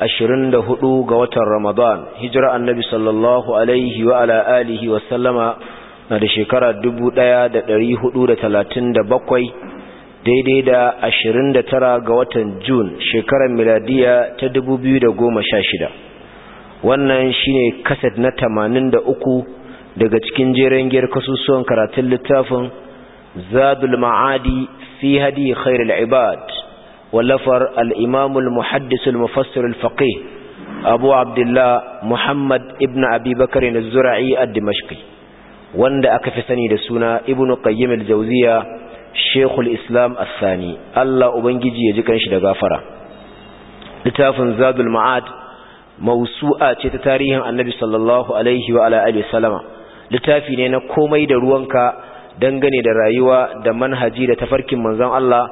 ashirin da ga watan Ramadan, hijira annabi sallallahu Alaihi wa ala alihi sallama na da shekara dubu da daidai da ashirin da ga watan Jun shekarar miladiya ta dubu goma sha shida. Wannan shi ne kaset na tamanin da uku daga cikin jeren giyar kasusuwan karatun littafin Zadul Ma'adi fi hadi khairul ibad wallafar al-imam al-muhaddis al-mufassir abu abdullah muhammad ibn abi bakr az-zura'i ad-dimashqi wanda aka fi sani da suna ibn qayyim Jauziya, jawziya shaykh islam as-sani Allah ubangiji ya ji kanshi da gafara littafin zadul ma'ad mawsu'a ce ta tarihin annabi sallallahu alaihi wa ala littafi ne na komai da ruwanka dangane da rayuwa da manhaji da tafarkin manzon Allah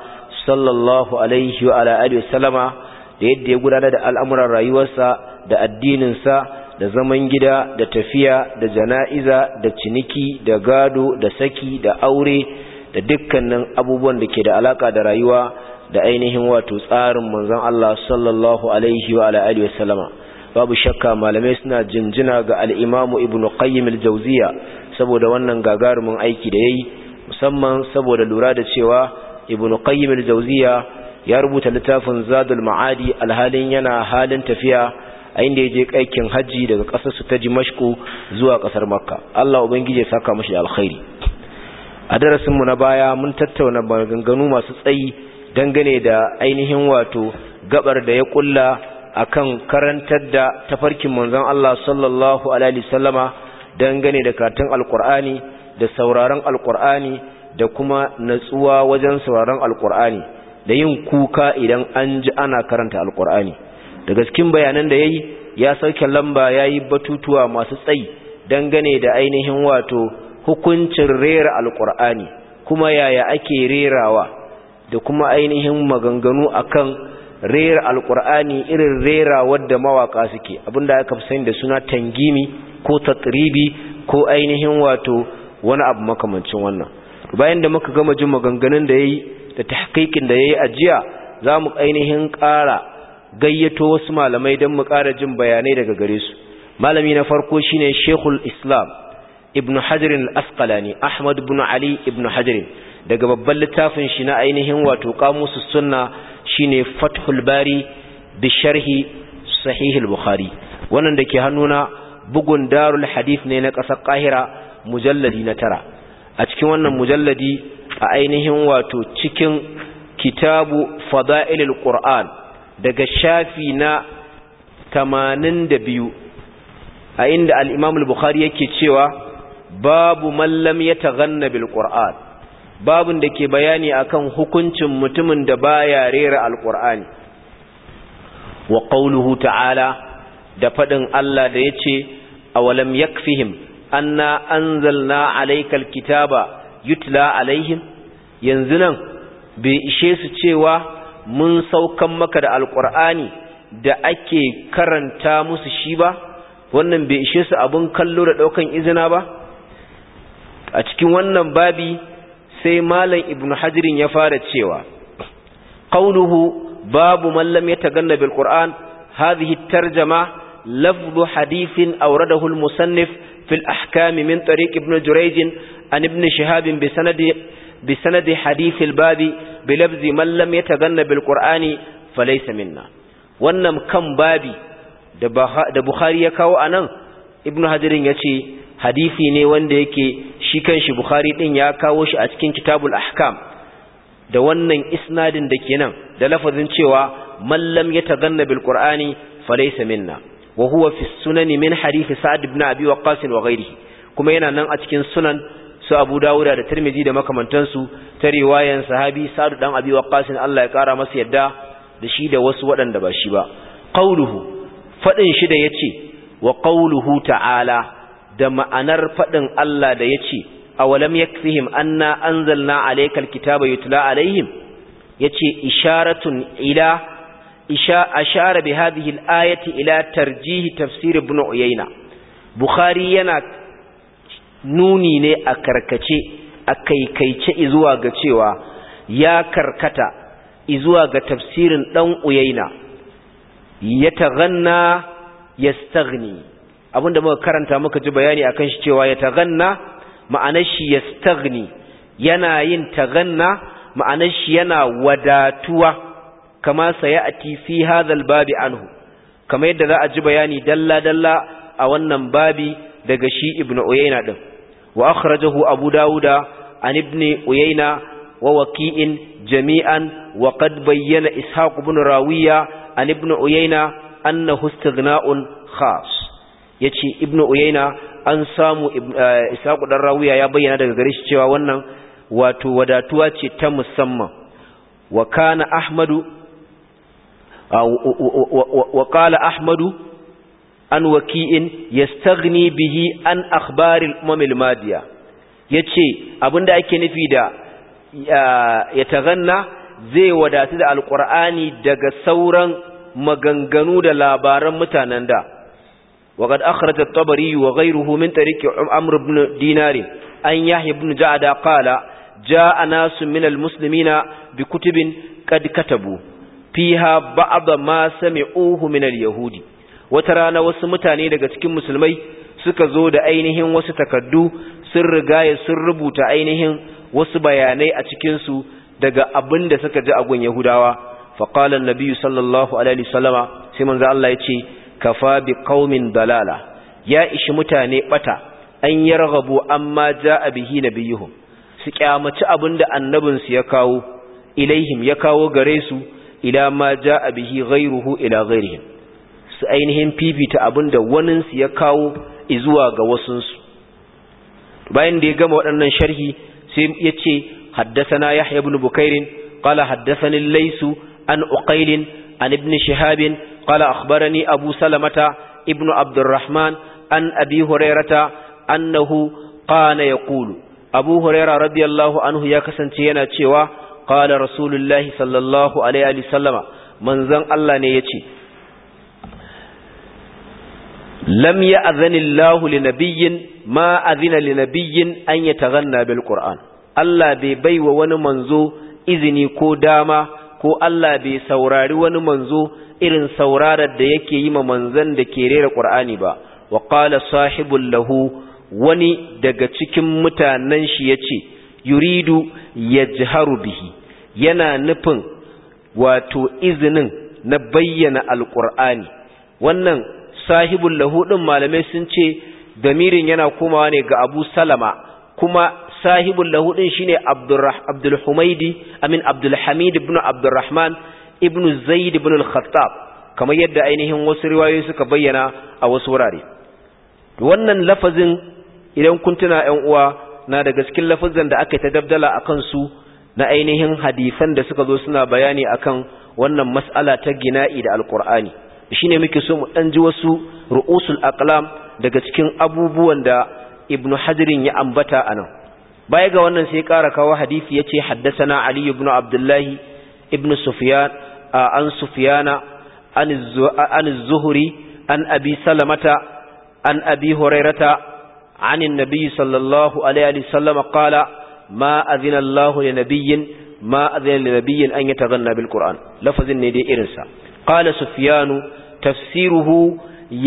sallallahu alaihi wa ala alihi wasallama da yadda ya gudanar da al'amuran rayuwarsa da addininsa da zaman gida da tafiya da jana'iza da ciniki da gado da saki da aure da dukkanin abubuwan da ke da alaka da rayuwa da ainihin wato tsarin manzon Allah sallallahu alaihi wa ala alihi wasallama babu shakka malamai suna jinjina ga al-Imam Ibn Qayyim al-Jawziya saboda wannan gagarumin aiki da yayi musamman saboda lura da cewa ibn qayyim al-jawziya ya rubuta littafin zadul ma'adi alhalin yana halin tafiya a inda yaje aikin haji daga kasar su ta dimashku zuwa kasar makka Allah ubangije ya saka mashi da alkhairi a darasin mu na baya mun tattauna maganganu masu tsayi dangane da ainihin wato gabar da ya kulla akan karantar da tafarkin manzon Allah sallallahu alaihi wasallama dangane da katin alqur'ani da sauraron alqur'ani da kuma natsuwa wajen sauraron alkur'ani da yin kuka idan an ji ana karanta alkur'ani da cikin bayanan da ya yi ya sauke lamba ya yi batutuwa masu tsayi dangane da ainihin wato hukuncin rera alkur'ani kuma yaya ake rerawa da kuma ainihin maganganu akan rera alkur'ani irin rera wadda mawaka suke abinda aka fi sani da suna tangimi ko tatribi ko ainihin wato wani abu makamancin wannan bayan da muka gama jin maganganun da yayi da tahqiqin da yayi a jiya mu ainihin ƙara gayyato wasu malamai don mu ƙara jin bayanai daga gare su malami na farko shine Sheikhul Islam Ibn Hajar al-Asqalani Ahmad ibn Ali ibn Hajar daga babban littafin shi na ainihin wato Qamusus Sunna shine Fathul Bari bi sharhi Sahih al-Bukhari wannan dake hannuna bugun Darul Hadith ne na ƙasar ƙahira mujalladi na tara a cikin wannan mujalladi a ainihin wato cikin kitabu fada'ilul qur'an daga shafi na 82 a inda al-imam bukhari yake cewa babu man lam yataghanna bil qur'an babun da ke bayani akan hukuncin mutumin da baya rera al wa qawluhu ta'ala da fadin Allah da yace awalam yakfihim anna anzalna alaykal kitaba yutla alaihim yanzu nan bai ishe su cewa mun saukan maka da alqur'ani da ake karanta musu shi ba wannan bai ishe su abun kallo da daukan izina ba a cikin wannan babi sai malam ibnu hajirin ya fara cewa qawluhu babu man lam yataganna bil qur'an hadhihi tarjuma lafdhu hadithin awradahu al musannif في Ahkami min طريق ابن جريج عن ابن شهاب بسند, بسند حديث الباب بلبز من لم يتغن بالقرآن فليس منا ونم كم بابي da Bukhari ya kawo a nan ibn hadirin ya ce hadisi ne wanda yake shi kanshi Bukhari ɗin ya kawo shi a cikin kitabul ahkam da wannan isnadin da ke nan da lafazin cewa mallam ya taganna bil qur'ani falaysa wa huwa fi sunani min hadithi sa'ad ibn abi waqqas wa ghairihi kuma yana nan a cikin sunan su abu dawuda da tirmidhi da makamantansu ta riwayan sahabi sa'ad dan abi waqqas Allah ya kara masa yadda da shi da wasu waɗanda ba shi ba Qawluhu fadin shi da yace wa qauluhu ta'ala da ma'anar fadin Allah da yace awalam yakfihim anna anzalna alaykal kitaba yutla alaihim yace isharatun ila ashara bi hadhihi al-ayati ila tarjihi tafsir ibn uyayna bukhari yana nuni ne a karkace a kaikaice zuwa ga cewa ya karkata zuwa ga tafsirin dan uyayna ya taghanna yastaghni abinda muka karanta muka ji bayani akan shi cewa ya taghanna ma'anar shi yastaghni yana yin taghanna ma'anar shi yana wadatuwa kama sayati fi hadhal babi anhu kama yadda za a ji bayani dalla dalla a wannan babi daga shi ibnu uyayna din wa akhrajahu abu dauda an ibni uyayna wa waqi'in jami'an wa qad bayyana ishaq ibn rawiya an ibnu uyayna annahu istighna'un khas yace ibnu uyayna an samu eh, ishaq dan rawiya ya bayyana daga gare shi cewa wannan wato wadatuwa ce ta musamman wa kana ahmadu wa qala ahmadu an waki'in yastaghni bihi an akhbaril umam al madiya yace abinda ake nufi da ya taganna zai wadatu da alqur'ani daga sauran maganganu da labaran mutanen da وقد أخرج الطبري وغيره من طريق عمرو بن دينار أن يحيى بن جعد قال جاء ناس من المسلمين بكتب قد كتبوا fiha ba'da ma sami'uhu min al-yahudi wata rana wasu mutane daga cikin musulmai suka zo da ainihin wasu takaddu sun rigaya sun rubuta ainihin wasu bayanai a cikin su daga abin da suka ji a gun yahudawa fa qala an-nabi sallallahu alaihi wasallama sai manzo Allah ya ce kafa bi qaumin dalala ya ishi mutane bata an yarghabu amma jaa bihi nabiyuhum su kyamaci abin da annabinsu ya kawo ilaihim ya kawo gare su ila ma a bihi ghayruhu ila ghayrihim su ainihin fifita abinda wani su ya kawo zuwa ga wasun bayan da ya gama waɗannan sharhi sai ya ce haddasana yahya ibn bukairin qala haddasani laysu an uqailin an ibn shihabin qala akhbarani abu salamata ibn abdurrahman an abi hurairata annahu qala yaqulu abu hurairah radiyallahu anhu ya kasance yana cewa qala rasulullahi sallallahu alaihi wa manzon Allah ne yace lam ya'zani Allahu li ma azina linabiyyin an yataghanna bil qur'an Allah bai baiwa wani manzo izini ko dama ko Allah bai saurari wani manzo irin saurarar da yake yi ma manzon da ke rera qur'ani ba wa qala sahibul lahu wani daga cikin mutanen shi yace yuridu yajharu bihi yana nufin wato izinin na bayyana alƙur'ani wannan sahibul lahudin malamai sun ce damirin yana komawa ne ga abu salama kuma sahibul lahudin shine abdul humaidi amin abdul hamid ibn abdurrahman ibn zaid ibn al-khattab kamar yadda ainihin wasu riwayoyi suka bayyana a wasu wurare wannan lafazin idan kun tuna ƴan uwa na da cikin lafazin da aka ta dabdala akan su na ainihin hadisan da suka zo suna bayani akan wannan mas'ala ta gina'i da alkur'ani shine muke so mu ɗan ji wasu ru'usul aqlam daga cikin abubuwan da ibnu hajrin ya ambata anan baya ga wannan sai ƙara kawo hadisi ce haddasana ali ibn abdullahi ibn sufyan an sufyana an zuhri an abi salamata an abi hurairata عن النبي صلى الله عليه وسلم قال ma azina Allahu li nabiyyin ma azina li nabiyyin an yataghanna bil Qur'an lafazin ne dai irin sa qala sufyanu tafsiruhu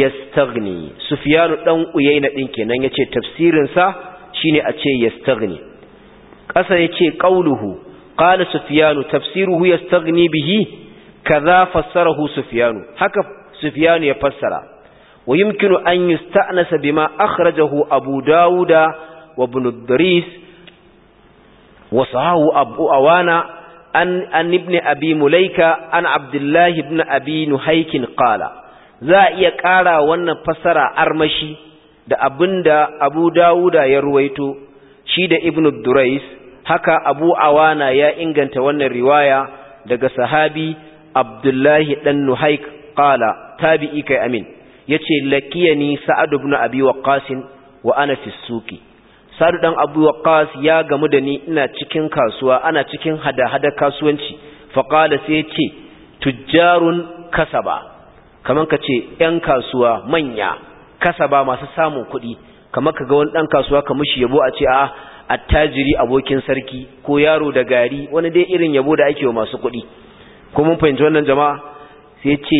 yastaghni sufyanu dan uyaina din kenan yace tafsirin sa shine a ce Ƙasa kasa yace qauluhu qala sufyanu tafsiruhu yastaghni bihi kaza fassarahu sufyanu haka sufyanu ya fassara ويمكن أن يستأنس بما أخرجه أبو داود وابن الدريس wasahu abu awana an an ibn abi mulaika an abdullahi ibn abi nuhaykin qala za iya ƙara wannan fassara armashi da abinda abu dawuda ya ruwaito shi da ibn durais haka abu awana ya inganta wannan riwaya daga sahabi abdullahi dan nuhaik qala tabi'i kai amin yace lakiyani sa'ad ibn abi waqqas wa ana fi sadu dan abu waqas ya gamu da ni ina cikin kasuwa ana cikin hada-hada kasuwanci faqala sai yace tujjarun kasaba kaman kace yan kasuwa manya kasaba masu samun kuɗi kamar ga wani dan kasuwa ka mushi yabo a ce a attajiri abokin sarki ko yaro da gari wani dai irin yabo da ake wa masu kuɗi ko mun fahimci wannan jama'a sai yace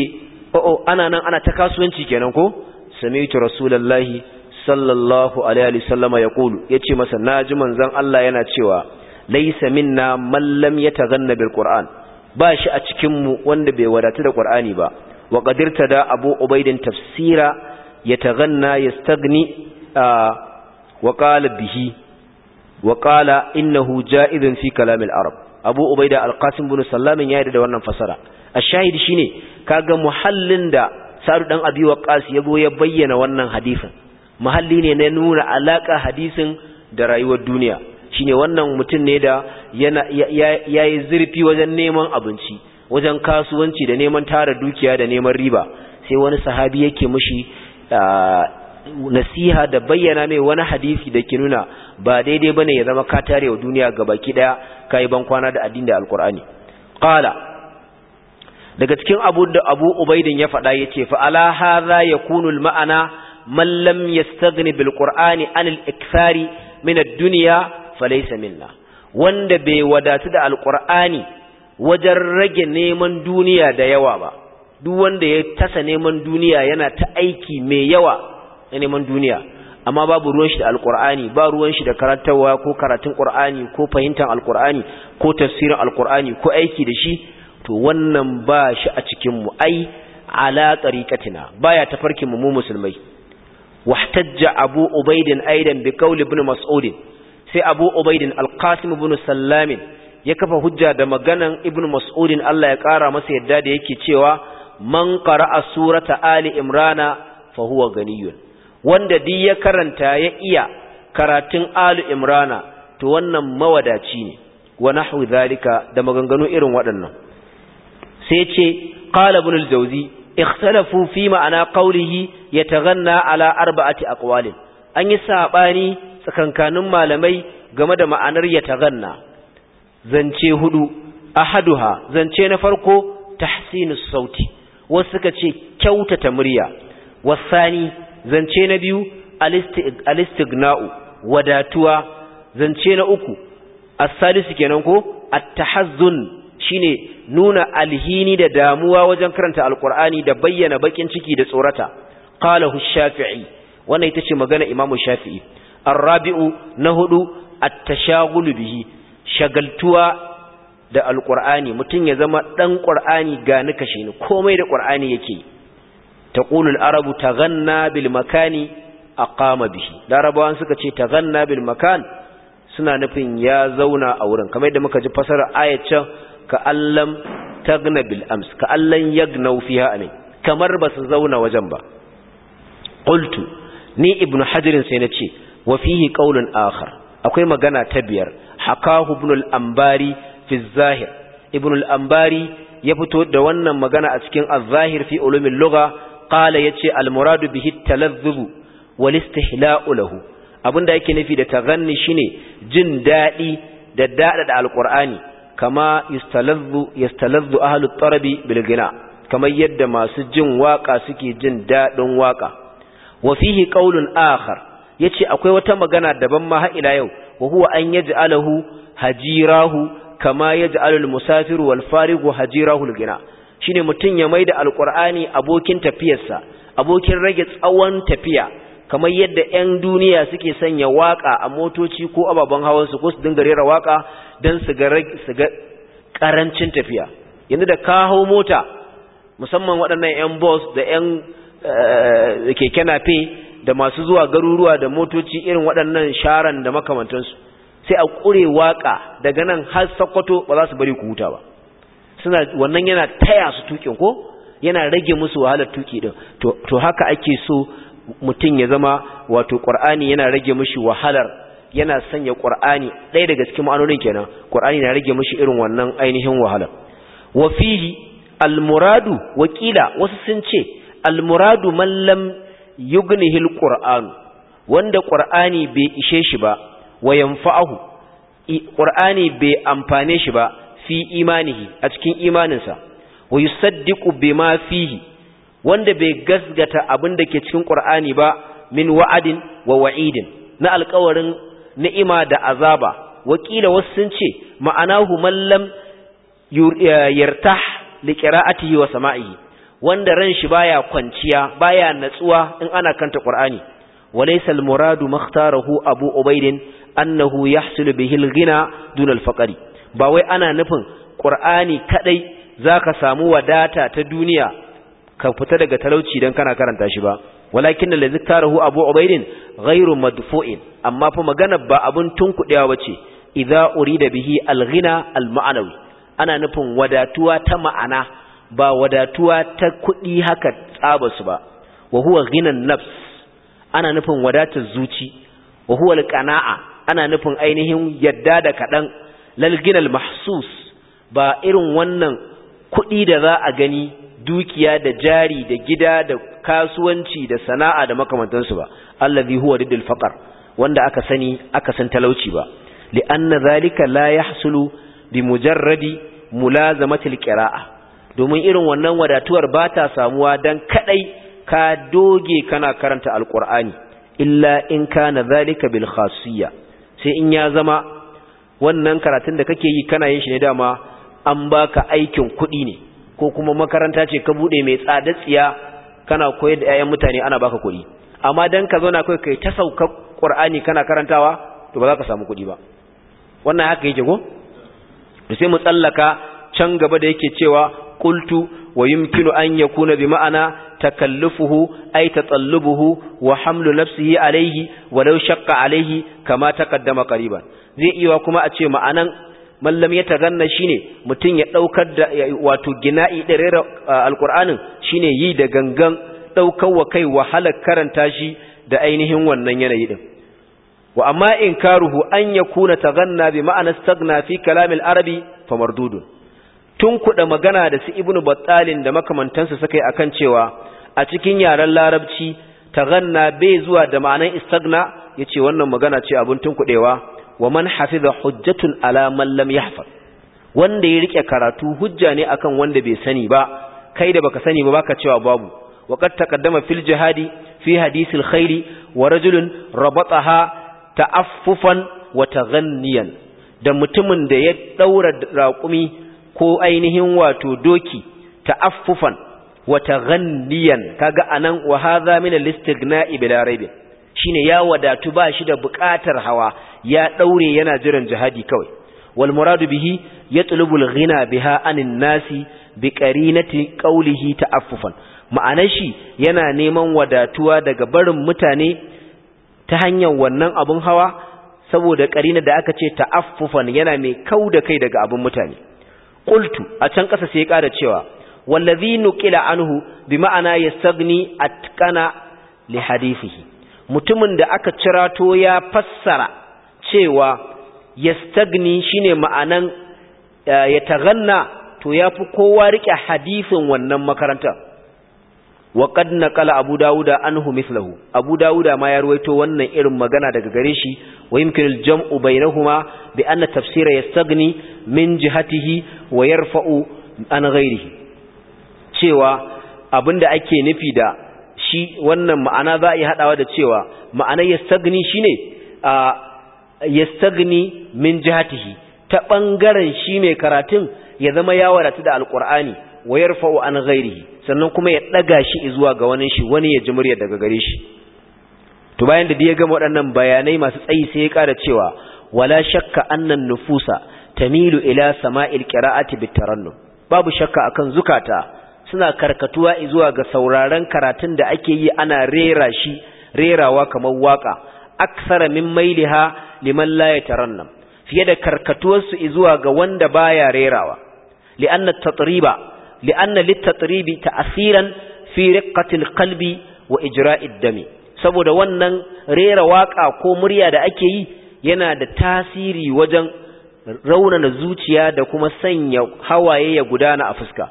o'o oh, oh, ana nan ana ta kasuwanci kenan ko sami'tu rasulullahi sallallahu alaihi wasallama ya kulu yace masa naji manzon Allah yana cewa laysa minna man lam yataghanna bil qur'an ba shi a cikin mu wanda bai wadatu da qur'ani ba wa qadirta da abu ubaidin tafsira yataghanna yastagni wa qala bihi wa qala innahu ja'idun fi kalam al arab abu ubaida al qasim bin sallam ya yarda da wannan fasara ashahidi shine kaga muhallin da sa'd dan abi wa yago ya bayyana wannan hadisin Muhalli ne na nuna alaƙa hadisin da rayuwar duniya Shi ne wannan mutum ne da ya yi zurfi wajen neman abinci wajen kasuwanci da neman tara dukiya da neman riba sai wani sahabi yake mishi nasiha da bayyana mai wani hadisi da ke nuna ba daidai ba ne ya zama ka tare wa duniya baki daya ka ban kwana da addini da alkur'ani qala daga cikin abu da abu ubaidin ya faɗa ya ce ala haza ya kunul ma'ana man lam yastaghni bil qur'ani an al ikthari min ad dunya falaysa minna wanda bai wadatu da alqur'ani wajen rage neman duniya da yawa ba duk wanda ya tasa neman duniya yana ta aiki mai yawa na neman duniya amma babu ruwan shi da alqur'ani ba ruwan shi da karantawa ko karatun qur'ani ko fahimtar alqur'ani ko tafsirin alqur'ani ko aiki da shi to wannan ba shi a cikin mu ai ala tariqatina baya tafarkin mu mu musulmai wahtajja abu ubaidin aidan bi qaul ibn mas'ud sai abu ubaidin al-qasim ibn sallam ya kafa hujja da maganan ibn mas'ud Allah ya kara masa yadda da yake cewa man qara'a surata ali imrana fa huwa ganiyun wanda di ya karanta ya iya karatun ali imrana to wannan mawadaci ne wa nahwu zalika da maganganu irin waɗannan sai ce qala ibn al-jawzi ikhtalafu fi ma'ana qawlihi yataghanna ala arba'ati aqwalin an yi sabani tsakankanin malamai game da ma'anar yataghanna zance hudu ahaduha zance na farko tahsinus sauti wasu suka ce kyautata murya wasani zance na biyu alistigna'u wadatuwa zance na uku a salisu kenan ko attahazzun shine nuna alhini da damuwa wajen karanta alkur'ani da bayyana bakin ciki da tsorata qalahu shafi'i wannan ita ce magana imamu shafi'i arrabi'u na hudu at bihi shagaltuwa da alkur'ani mutum ya zama dan qur'ani ga ni kashe ni komai da qur'ani yake taqulu al-arabu taganna bil makani aqama bihi larabawan suka ce taganna bil makan suna nufin ya zauna a wurin kamar yadda muka ji fasarar ayat kaallan tagna bil ams ka'allan yagnau fiha alai kamar ba su zauna wajen ba qultu ni ibnu hajar sai nace ce wa fihi qaulun akhar akwai magana ta biyar hakahu ibn al-ambari fi zahir ibn al-ambari ya fito da wannan magana a cikin az-zahir fi ulumil lugha qala yace al-muradu bihi at-talazzub wal istihla'u lahu abinda yake nufi da taganni shine jin dadi da dada da kama yastalazzu yastalazzu ahlut tarabi bil gina kamar yadda masu jin waka suke jin dadin waka wa fihi qaulun akhar yace akwai wata magana daban ma har ila yau wa huwa an yaj'alahu hajirahu kama yaj'alu al musafir wal farigu hajirahu al gina shine mutun ya maida alqur'ani abokin tafiyarsa abokin rage tsawon tafiya kamar yadda 'yan duniya suke sanya waka a motoci ko ababen hawansu ko su dinga rera waka don su ga karancin tafiya yanzu da ka mota musamman waɗannan 'yan bus da 'yan eh, keke nafe da masu zuwa garuruwa da motoci irin waɗannan sharan da makamantansu sai a ƙure waka daga nan har sakwato ba za su bari ku huta ba suna wannan yana taya su tukin ko yana rage musu wahalar tuki din to haka ake so mutum ya zama wato qur'ani yana rage mashi wahalar yana sanya qur'ani ɗaya daga cikin ma'anonin kenan qur'ani na rage mashi irin wannan ainihin wahalar wa fihi almuradu wakila wasu sun ce almuradu man lam yugnihi wanda qur'ani bai ishe shi ba wa yanfa'ahu qur'ani bai amfane shi ba fi imanihi a cikin imaninsa wa yusaddiqu bima fihi wanda bai gasgata abin da ke cikin Qur'ani ba min wa'adin wa wa'idin na alƙawarin ni'ima da azaba wakila wasu sun ce ma'anahu mallam yartah liqira'atihi wa sama'ihi wanda ran shi baya kwanciya baya natsuwa in ana kanta Qur'ani laysa al-muradu makhtarahu Abu Ubaidin annahu yahsul bihi al-ghina dun al-faqri ba wai ana nufin Qur'ani kadai zaka samu wadata ta duniya ka fita daga talauci dan kana karanta shi ba walakin allazi tarahu abu ubaidin ghairu madfu'in amma fa magana ba abun tunkudewa bace idza urida bihi alghina alma'anawi ana nufin wadatuwa ta ma'ana ba wadatuwa ta kuɗi haka tsaba su ba wa huwa ghinan nafs ana nufin wadatar zuci wa huwa alqana'a ana nufin ainihin yadda da kadan lal mahsus ba irin wannan kuɗi da za a gani dukiya da jari da gida da kasuwanci da sana'a da makamantansu ba allazi huwa riddul faqar wanda aka sani aka san talauci ba li'anna zalika la yahsulu bi mujarradi mulazamati alqira'a domin irin wannan wadatuwar ba ta samuwa dan kadai ka doge kana karanta alqur'ani illa in kana zalika bil khasiyya sai in ya zama wannan karatun da kake yi kana yin shi ne dama an baka aikin kuɗi ne ko kuma makaranta ce ka bude mai tsada tsiya kana koyar da ƴaƴan mutane ana baka kuɗi amma dan ka zauna kai kai ta sauka Qur'ani kana karantawa to ba za ka samu kuɗi ba wannan haka yake ko sai mu tsallaka can gaba da yake cewa qultu wa yumkinu an yakuna bi ma'ana takallufuhu ay tatallubuhu wa hamlu nafsihi alayhi walau shaqqa alayhi kama taqaddama qariban zai iya kuma a ce ma'anan mallam ya taganna shine mutum ya daukar da wato gina'i da alqur'anin shine yi da gangan daukar wa kai wahala karanta shi da ainihin wannan yanayi din wa amma karuhu an yakuna taganna bi ma'ana stagna fi al arabi fa famardudun tun kuda magana da su ibnu battalin da makamantansa suka akan cewa a cikin yaren larabci taganna bai zuwa da ma'anan istagna yace wannan magana ce abun tunkudewa wa man hafiza hujjatun ala man lam yahfaz wanda ya rike karatu hujja ne akan wanda bai sani ba kai da baka sani ba baka cewa babu wa qad taqaddama fil jihadi fi hadithil khairi wa rajulun rabataha ta'affufan wa taghanniyan da mutumin da ya daura raƙumi ko ainihin wato doki ta'affufan wa taghanniyan kaga anan wa hadha min al-istighna'i bila raib shine ya wadatu ba shi da buƙatar hawa ya daure yana jiran jihadi kawai wal muradu bihi yatlubul ghina biha anin nasi bi qarinati qawlihi ta'affufan ma'anar shi yana neman wadatuwa daga barin mutane ta hanyar wannan abun hawa saboda qarina da aka ce ta'affufan yana mai kau da kai daga abun mutane qultu a can kasa sai ya kara cewa wallazi nuqila anhu bi ma'ana yastagni atqana li hadithihi mutumin da aka cirato ya fassara cewa yastagni shine ma'anan eh, ya taganna to yafi kowa rike hadisin wannan makaranta wa qad naqala abu dauda anhu mithluhu abu dauda ma ya ruwaito wannan irin magana daga gare shi wa yumkinu al-jam'u bainahuma bi anna tafsira yastagni min jihatihi wa yarfa'u an ghairihi cewa abinda ake nufi da shi wannan ma'ana za a yi hadawa da cewa ma'anar yastagni shine a ah, yastagni min jihatihi ta bangaren shi mai karatun ya zama ya wadatu da alqur'ani wa yarfa'u an ghairihi sannan kuma ya daga shi zuwa ga wani shi wani ya ji murya daga gare shi to bayan da ya gama waɗannan bayanai masu tsayi sai ya ƙara cewa wala shakka annan nufusa tamilu ila sama'il qira'ati bitarannum babu shakka akan zukata suna karkatuwa zuwa ga sauraron karatun da ake yi ana rera shi rerawa kamar waka aksara min mailiha liman la yatarannam fiye da karkatuwar su zuwa ga wanda baya rerawa li'anna tatriba li'anna litatribi ta'siran fi riqqatil qalbi wa ijra'id dami saboda wannan rera waka ko murya da ake yi yana da tasiri wajen raunana zuciya da kuma sanya hawaye ya gudana a fuska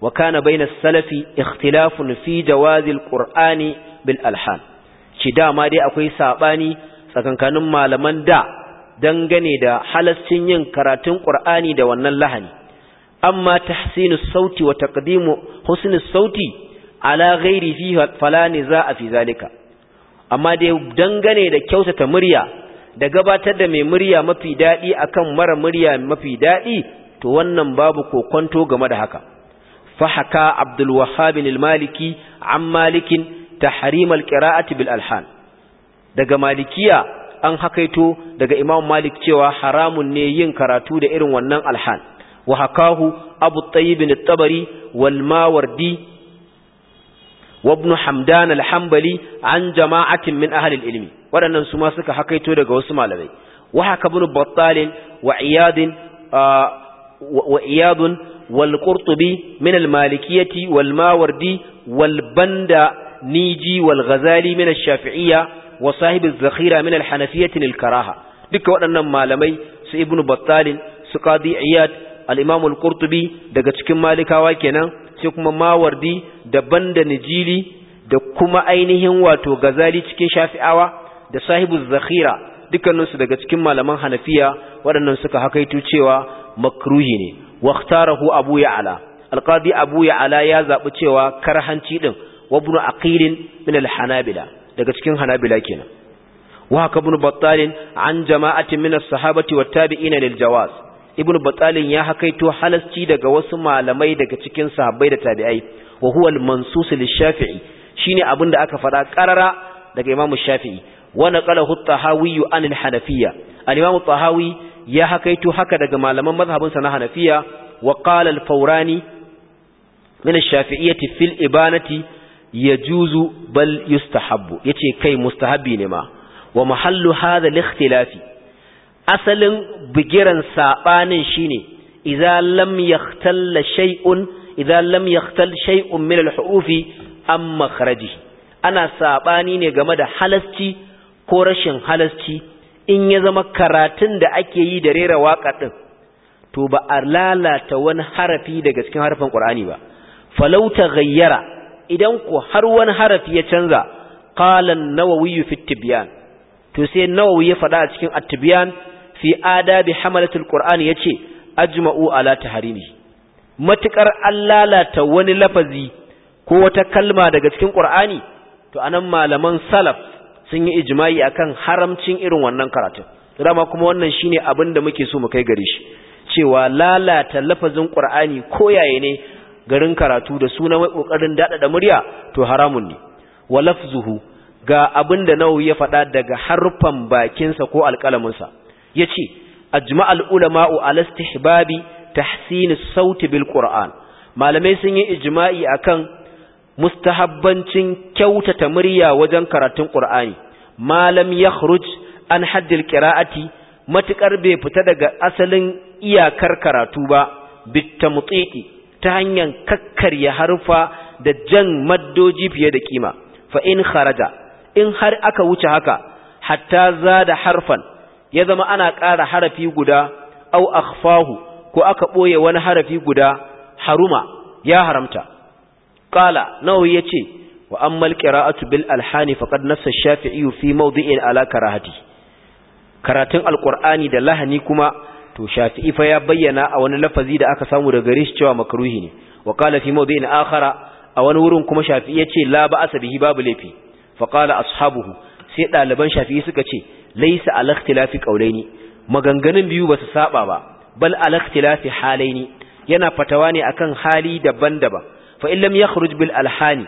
wa kana bayna salafi ikhtilafun fi jawazil qur'ani bil alhan ce dama dai akwai saɓani tsakankanin malaman da dangane da halascin yin karatun ƙur'ani da wannan lahani amma tahsinu sauti wa taqdimu husnu sauti ala ghairi fi fala a fi zalika amma dai dangane da kyautata murya da gabatar da mai murya mafi daɗi akan mara murya mafi daɗi to wannan babu kokonto game da haka fa haka abdul wahhab maliki an malikin tahrim alqira'ati bil alhan daga malikiya an hakaito daga imam malik cewa haramun ne yin karatu da irin wannan alhan wa hakahu abu tayyib at-tabari wal mawardi wa ibn hamdan al-hanbali an jama'atin min ahli al-ilmi wadannan su ma suka hakaito daga wasu malamai wa haka ibn battal wa iyad uh, wa iyad wal qurtubi min al wal mawardi wal banda niji wal ghazali min ash-shafi'iyya wa sahib az-zakhira min al-hanafiyyah al karaha duka waɗannan malamai su ibnu battal su qadi iyad al-imam al-qurtubi daga cikin malikawa kenan sai kuma mawardi daban da nijili da kuma ainihin wato gazali cikin shafi'awa da sahibu zakhira dukkaninsu daga cikin malaman hanafiya waɗannan suka hakaito cewa makruhi ne waktarahu abu ya'ala alqadi abu ya'ala ya zaɓi cewa karhanci din wa ibn aqil min al-hanabila daga cikin hanabila kenan wa haka ibn battal an jama'atin min as-sahabati wat tabi'ina lil jawaz ibn ya hakaito halasci daga wasu malamai daga cikin sahabbai da tabi'ai wa huwa al-mansus shafii shine abinda aka faɗa karara daga imamu shafi'i wa naqalahu at-tahawi an al-hanafiyya al-imamu at ya hakaito haka daga malaman mazhabinsa na hanafiyya wa qala al-fawrani min ash-shafi'iyyati fil ibanati yajuzu bal yustahabbu yace kai mustahabi ne ma wa mahallu hadha al asalin bigiran sabanin shine idza lam yahtalla shay'un idza lam yahtal shay'un min al-hurufi am makhraji ana sabani ne game da halasci ko rashin halasci in ya zama karatun da ake yi da rera waka din to ba a lalata wani harafi daga cikin harafin Qur'ani ba falau ta gayyara idan ku har wani harafi ya canza qalan nawawi fi tibyan to sai nawawi ya faɗa a cikin at-tibyan fi adabi hamalatul qur'an yace ajma'u ala tahrimi matukar an lalata wani lafazi ko wata kalma daga cikin qur'ani to anan malaman salaf sun yi ijma'i akan haramcin irin wannan karatun dama kuma wannan shine abin da muke so mu kai gare shi cewa lalata lafazin qur'ani koyaye ne garin karatu da suna mai kokarin dadada murya to haramun ne wa lafzuhu ga abinda nawawi ya faɗa daga harfan bakinsa ko alƙalamin sa yace ajma'al ulama'u ala istihbabi tahsin sauti bil qur'an malamai sun yi ijma'i akan mustahabbancin kyautata murya wajen karatun qur'ani malam yakhruj an haddil qira'ati matukar bai fita daga asalin iyakar karatu ba bitamtiti ta hanyar kakkarya harufa da jan maddoji fiye da kima fa in kharaja in har aka wuce haka hatta zada harfan ya zama ana ƙara harafi guda au akhfahu ko aka boye wani harafi guda haruma ya haramta qala nawawi yace wa ammal qira'atu bil alhani faqad nassa shafi'i fi mawdi'in ala karahati karatun alqur'ani da lahani kuma to shafi'i fa ya bayyana a wani lafazi da aka samu daga gare shi cewa makruhi ne wa qala fi mawdi'in akhara a wani wurin kuma shafi'i yace la ba'sa bihi babu laifi. fa qala ashabuhu sai daliban shafi'i suka ce laysa al ikhtilafi qawlaini maganganun biyu basu saba ba bal al ikhtilafi halaini yana fatawa ne akan hali daban-daban fa in lam yakhruj bil alhani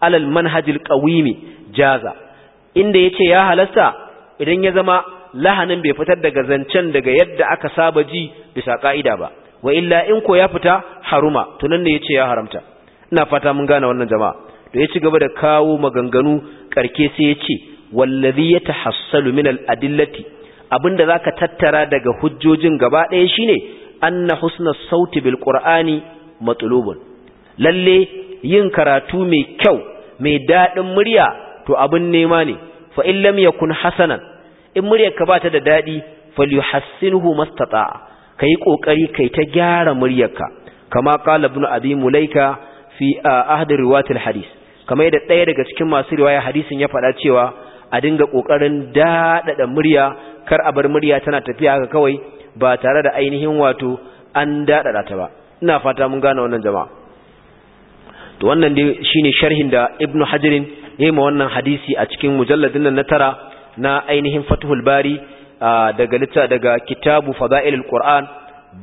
ala al manhaj al qawimi jaza inda yace ya halasta idan ya zama lahanin bai fitar daga zancen daga yadda aka saba ji bisa ka'ida ba wa illa in ko ya fita haruma tunan ne yace ya haramta ina fata mun gane wannan jama'a To ya ci gaba da kawo maganganu karke sai ya ce wallazi yatahassalu min al-adillati abinda zaka tattara daga hujjojin gaba ɗaya shine anna husna sauti bil qur'ani matlubun lalle yin karatu mai kyau mai dadin murya to abin nema ne fa in yakun hasanan in muryar ka ta da dadi falyuhassinhu mastata'a kai kokari kai ta gyara muryarka kama qala ibn abi mulaika fi ahd riwayatil hadis kamar yadda ɗaya daga cikin masu riwaya hadisin ya faɗa cewa a dinga kokarin dadada murya kar a bar murya tana tafiya haka kawai ba tare da ainihin wato an daɗaɗa ta ba ina fata mun gane wannan jama'a to wannan dai shine sharhin da ibnu hajirin yayi ma wannan hadisi a cikin mujalladin nan na tara na ainihin Fathul Bari daga litta daga Kitabu Fadailul Qur'an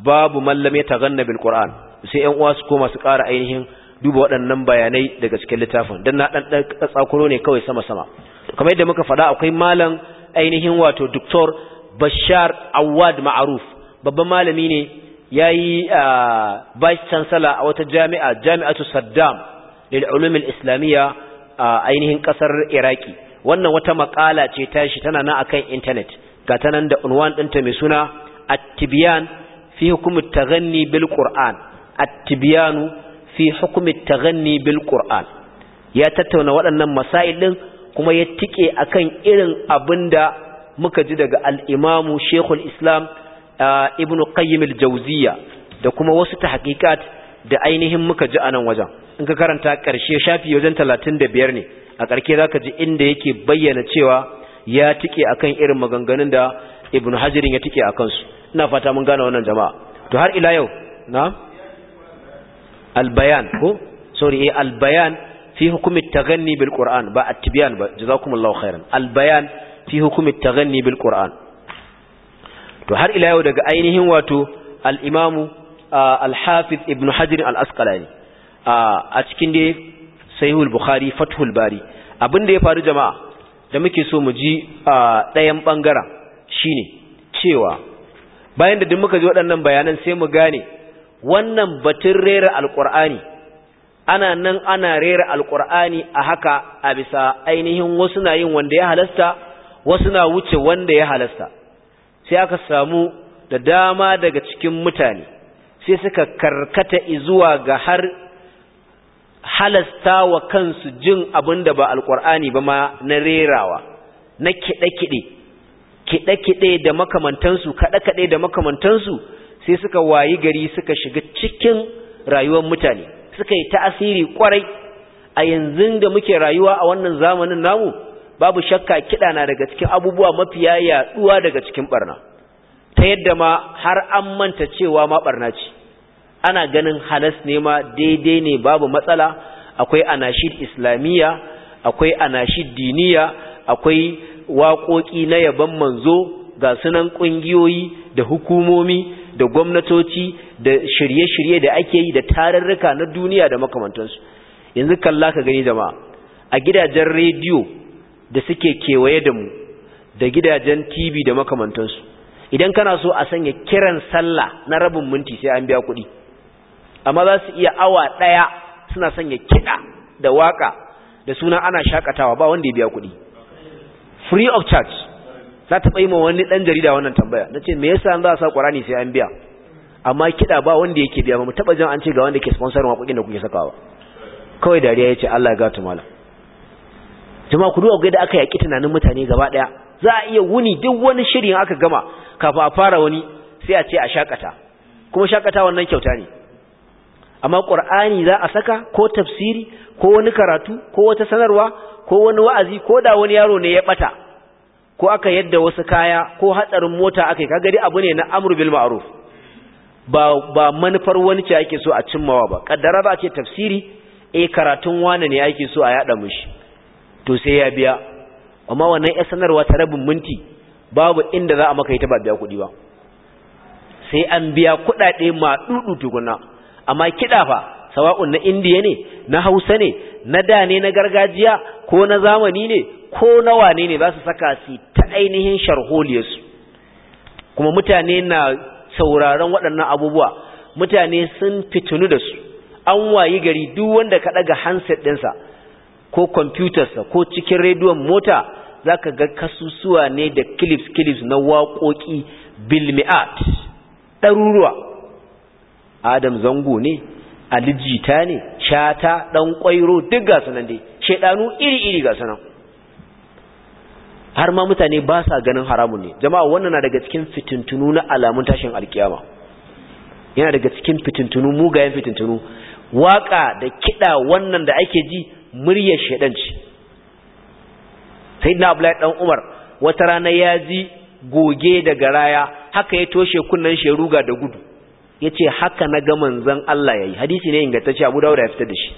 babu man lam yataghanna bil Qur'an sai 'yan uwa su koma su ƙara ainihin duba waɗannan bayanai daga cikin littafin dan na dan tsakuro ne kawai sama sama kamar yadda muka faɗa akwai malam ainihin wato Dr. Bashar Awad Ma'ruf babban malami ne yayi vice chancellor a wata jami'a jami'atu Saddam lil ulum al-islamiyya a ainihin kasar Iraki wannan wata makala ce tashi tana nan akan internet ga ta nan da unwan ɗinta mai suna at-tibyan fi hukumut taghanni bil qur'an at-tibyanu fi hukumut taghanni bil qur'an ya tattauna waɗannan masail din kuma ya tike akan irin abinda muka ji daga al-imamu shaykhul islam ah, ibnu qayyim al-jawziya da kuma wasu ta tahqiqat da ainihin muka ji a nan wajen in ka karanta ƙarshe shafi wajen 35 ne a ƙarke za ka ji inda yake bayyana cewa ya tike akan irin maganganun da ibn hajjirin ya tike a kansu ina fata mun gane wannan jama'a to har ila yau na albayan ko sorry eh albayan fi hukumi taganni bil qur'an ba at-tibyan ba jazakumullahu khairan albayan fi hukumi taganni bil qur'an to har ila yau daga ainihin wato al-imamu ah, al-hafiz ibn hajar al-asqalani ah, a cikin dai sahihul bukhari fathul bari abin da ya faru jama'a da muke so mu ji a ɗayan bangaren shine cewa bayan da duk muka ji waɗannan bayanan sai mu gane wannan batun rera Alƙur'ani ana nan ana rera Alƙur'ani a haka a bisa ainihin wasu na yin wanda ya halasta wasu na wuce wanda ya halasta sai aka samu da dama daga cikin mutane sai suka karkata izuwa ga har halasta wa kansu jin abin da ba alkur'ani ba ma na rerawa na kiɗe-kiɗe kiɗe-kiɗe da makamantansu kaɗe-kaɗe da makamantansu sai suka wayi gari suka shiga cikin rayuwar mutane suka yi ta'asiri kwarai a yanzu da muke rayuwa a wannan zamanin namu babu shakka kiɗa na daga cikin abubuwa mafiya yaɗuwa daga cikin barna ta yadda ma har an manta cewa ma ɓarna ce ana ganin halas ne ma daidai ne babu matsala akwai anashid islamiyya akwai anashid diniya akwai waƙoƙi na yaban manzo ga sunan ƙungiyoyi da hukumomi da gwamnatoci da shirye-shirye da ake yi da tarurruka na duniya da makamantansu yanzu kalla ka gani jama'a a gidajen rediyo da suke kewaye da mu da gidajen tv da makamantansu idan kana so a sanya kiran sallah na rabin minti sai an biya kuɗi amma za su iya awa ɗaya suna sanya kiɗa da waka da suna ana shakatawa ba wanda ya biya kuɗi free of charge za ta yi ma wani ɗan jarida wannan tambaya na ce me yasa za a sa ƙwarani sai an biya amma kiɗa ba wanda ke biya ba mu taɓa jan an ce ga wanda ke wa waƙoƙin da kuke sakawa kawai dariya ya ce Allah ya gatu mala jama'a ku duba da aka yaƙi tunanin mutane gaba ɗaya za a iya wuni duk wani shirin aka gama kafin a fara wani sai a ce a shakata kuma shakata wannan kyauta ne amma qur'ani za a saka ko tafsiri ko wani karatu ko wata sanarwa ko wani wa'azi ko da wani yaro ne ya bata ko aka yadda wasu kaya ko hatsarin mota yi. kaga dai abu ne na amru bil ma'ruf ba ba manufar wani ce ake so a cimmawa ba kaddara ba ce tafsiri eh karatun wani ne ake so a yada mushi to sai ya biya amma wannan ya sanarwa ta rabin minti babu inda za a maka ta ba biya kuɗi ba sai an biya kuɗaɗe ma dudu tukuna amma kiɗa fa sawa'un na indiya ne na hausa ne na da ne na gargajiya ko na zamani ne ko na wane ne za su saka su ta ainihin sharholiyarsu kuma mutane na sauraron waɗannan abubuwa mutane sun fitinu da su an wayi gari duk wanda ka ɗaga handset ɗinsa ko kwamfutarsa ko cikin rediyon mota za ka ga kasusuwa ne da clips clips na waƙoƙi bilmi'at ɗaruruwa adam zango ne alijita ne shata dan kwairo duk ga sunan dai shedanu iri iri ga sunan har ma mutane ba sa ganin haramun ne jama'a wannan na daga cikin fitintunu na alamun tashin alkiyama yana daga cikin fitintunu mugayen fitintunu waka da kida wannan da ake ji murya shedan ce sayyidina abdullahi dan umar wata rana ya ji goge da garaya haka ya toshe kunnan sheruga da gudu yace haka na ga manzon Allah yayi hadisi ne ingantacce Abu Dawud ya fitar da shi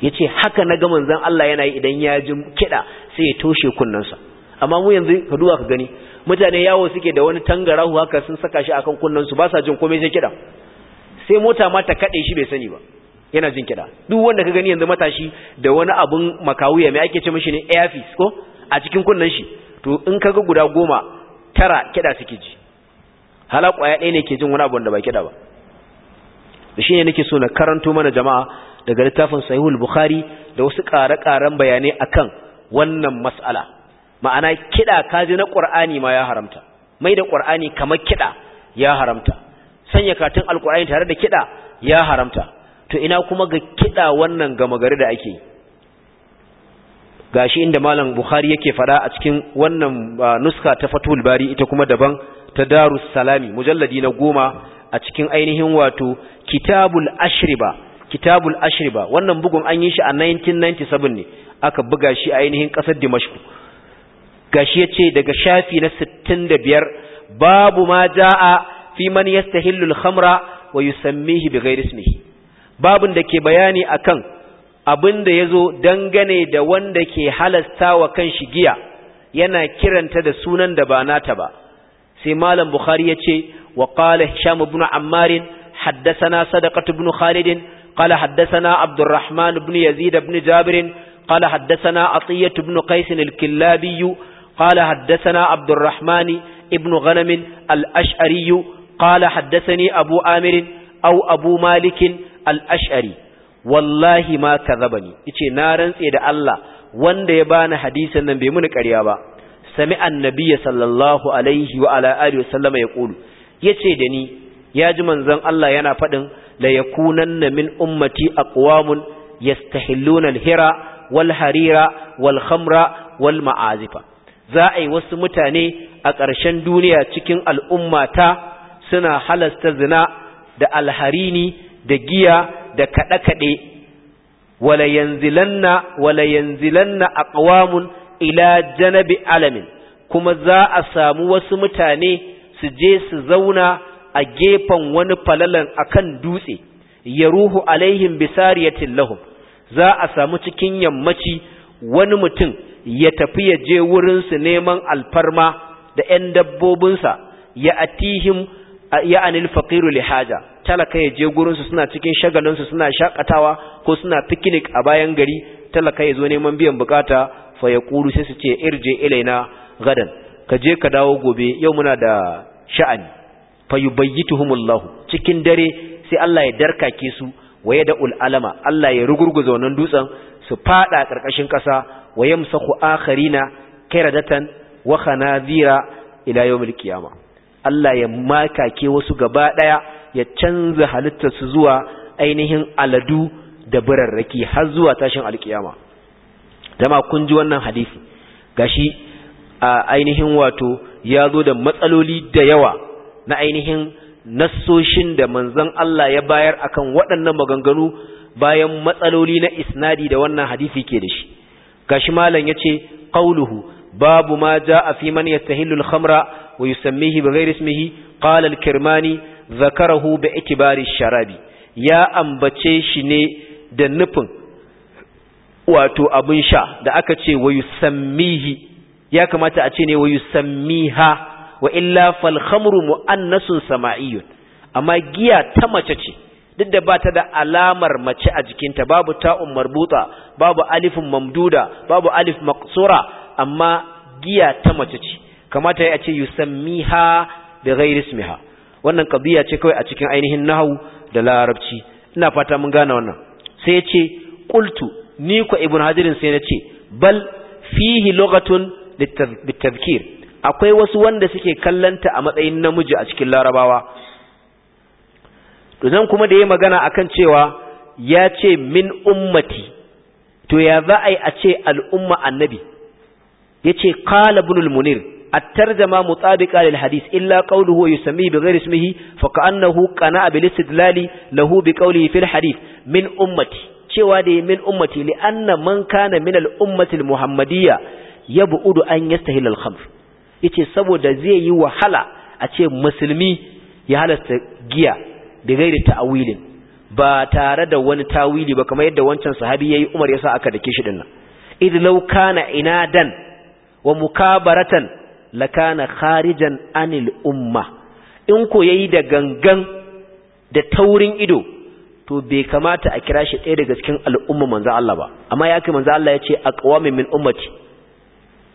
yace haka na ga manzan Allah yana yi idan ya ji kida sai ya toshe kunnensa amma mu yanzu ka duba ka gani mutane yawo suke da wani tangarahu haka sun saka shi akan kunnensu ba sa jin komai sai kida sai mota ma ta kade shi bai sani ba yana jin kida duk wanda ka gani yanzu matashi da wani abun makawuya mai ake ce mishi ne airfix ko a cikin kunnen shi to in ka ga guda goma tara kida suke ji hala ya ɗaya ne ke jin wani abu wanda ba kiɗa ba da shi shine nake so na karanto mana jama'a daga littafin sahihul bukhari da wasu ƙare-ƙaren bayanai akan wannan mas'ala ma'ana kiɗa kaje na ƙur'ani ma ya haramta mai da ƙur'ani kamar kiɗa ya haramta sanya katin alƙur'ani tare da kiɗa ya haramta to ina kuma ga kiɗa wannan gama gari da ake yi gashi inda malam bukhari yake fada a cikin wannan ah, nuska ta fatul bari ita kuma daban ta darus salami mujalladi na goma a cikin ainihin wato kitabul ashriba kitabul ashriba wannan bugun an yi shi a 1997 ne aka buga shi a ainihin kasar dimashku gashi yace daga shafi na 65 babu ma jaa fi man yastahillu al-khamra wa yusammihi bighayri ismihi babun da ke bayani akan abin da ya zo dangane da wanda ke halasta wa kan shi giya yana kiranta da sunan da ba nata ba sai malam bukhari ya ce wa qala hisham ibn Ammarin, haddathana sadaqat ibn Khalidin, qala haddathana abdurrahman ibn yazid ibn Jabirin, qala haddathana atiyah ibn qais al-killabi qala haddathana abdurrahman ibn ghanam al-ash'ari qala haddathani abu amir aw abu malik al-ash'ari wallahi ma kazabani yace na rantse da Allah wanda ya bani hadisin nan bai muni ƙarya ba sami annabi sallallahu alaihi wa ala alihi wa sallama ya kulu yace da ni ya ji manzon Allah yana faɗin la yakunanna min ummati aqwamun yastahilluna al-hira wal harira wal khamra wal ma'azifa za a yi wasu mutane a ƙarshen duniya cikin al'ummata suna halasta zina da alharini da giya da kaɗe-kaɗe wala yanzilanna wala yanzilanna aqwamun ila janabi alamin kuma za a samu wasu mutane su je su zauna a gefen wani falalan akan dutse ya ruhu alaihim bisariyatin lahum za a samu cikin yammaci wani mutum ya tafi ya je wurin su neman alfarma da ‘yan dabbobinsa ya atihim ya anil faƙiru lihaja talaka ya je gurinsu suna cikin shagalinsu suna shakatawa ko suna picnic a bayan gari talaka ya zo neman biyan bukata fa ya kuru sai su ce irje ilaina gadan ka je ka dawo gobe yau muna da sha'ani fa yubayyituhumullahu cikin dare sai Allah ya darkake su waya da ul'alama Allah ya rugurguza wannan dutsen su fada karkashin kasa waye musahu akharina kiradatan wa khanazira ila yawmil qiyamah Allah ya makake wasu gaba daya ya canza su zuwa ainihin aladu da birarraki har zuwa tashin alkiyama dama kun ji wannan hadisi gashi a ainihin wato ya zo da matsaloli da yawa na ainihin nassoshin da manzon Allah ya bayar akan waɗannan maganganu bayan matsaloli na isnadi da wannan hadisi ke da shi gashi malam yace qauluhu babu ma jaa fi man yastahillu al-khamra wa yusammihi bighayri ismihi qala al-kirmani zakarahu bi itibari sharabi ya ambace shi ne da nufin wato abin sha da aka ce wa yusammihi ya kamata a ce ne wa yusammiha wa illa fal khamru muannasun sama'iyyun. amma giya ta mace ce duk da ba ta da alamar mace a jikinta babu ta'un marbuta babu alifin mamduda babu alif maqsura amma giya ta mace ce kamata a ce yusammiha bi ghairi ismiha wannan qadiya ce kawai a cikin ainihin nahwu da larabci ina fata mun gane wannan sai ya ce qultu ni ko ibn hadirin sai nace bal fihi lughatun litadhkir akwai wasu wanda suke kallanta a matsayin namiji a cikin larabawa to zan kuma da yayi magana akan cewa ya ce min ummati to ya za a yi a ce al'umma annabi yace ce kala bunul munir الترجمة مطابقة للحديث إلا قوله يسميه بغير اسمه فكأنه قناع بالاستدلال له بقوله في الحديث من أمتي شوادي من أمتي لأن من كان من الأمة المحمدية يبعد أن يستهل الخمر yace saboda zai yi wahala a ce musulmi ya halasta giya da gairi ta'awilin ba tare da wani tawili ba kamar yadda wancan sahabi yi Umar yasa aka dake shi dinnan idh law kana wa mukabaratan lakana kharijan anil umma in ko yayi da gangan da taurin ido to bai kamata a kira shi ɗaya daga cikin al'umma manzo Allah ba amma ya kai manzo Allah yace aqwam min ummati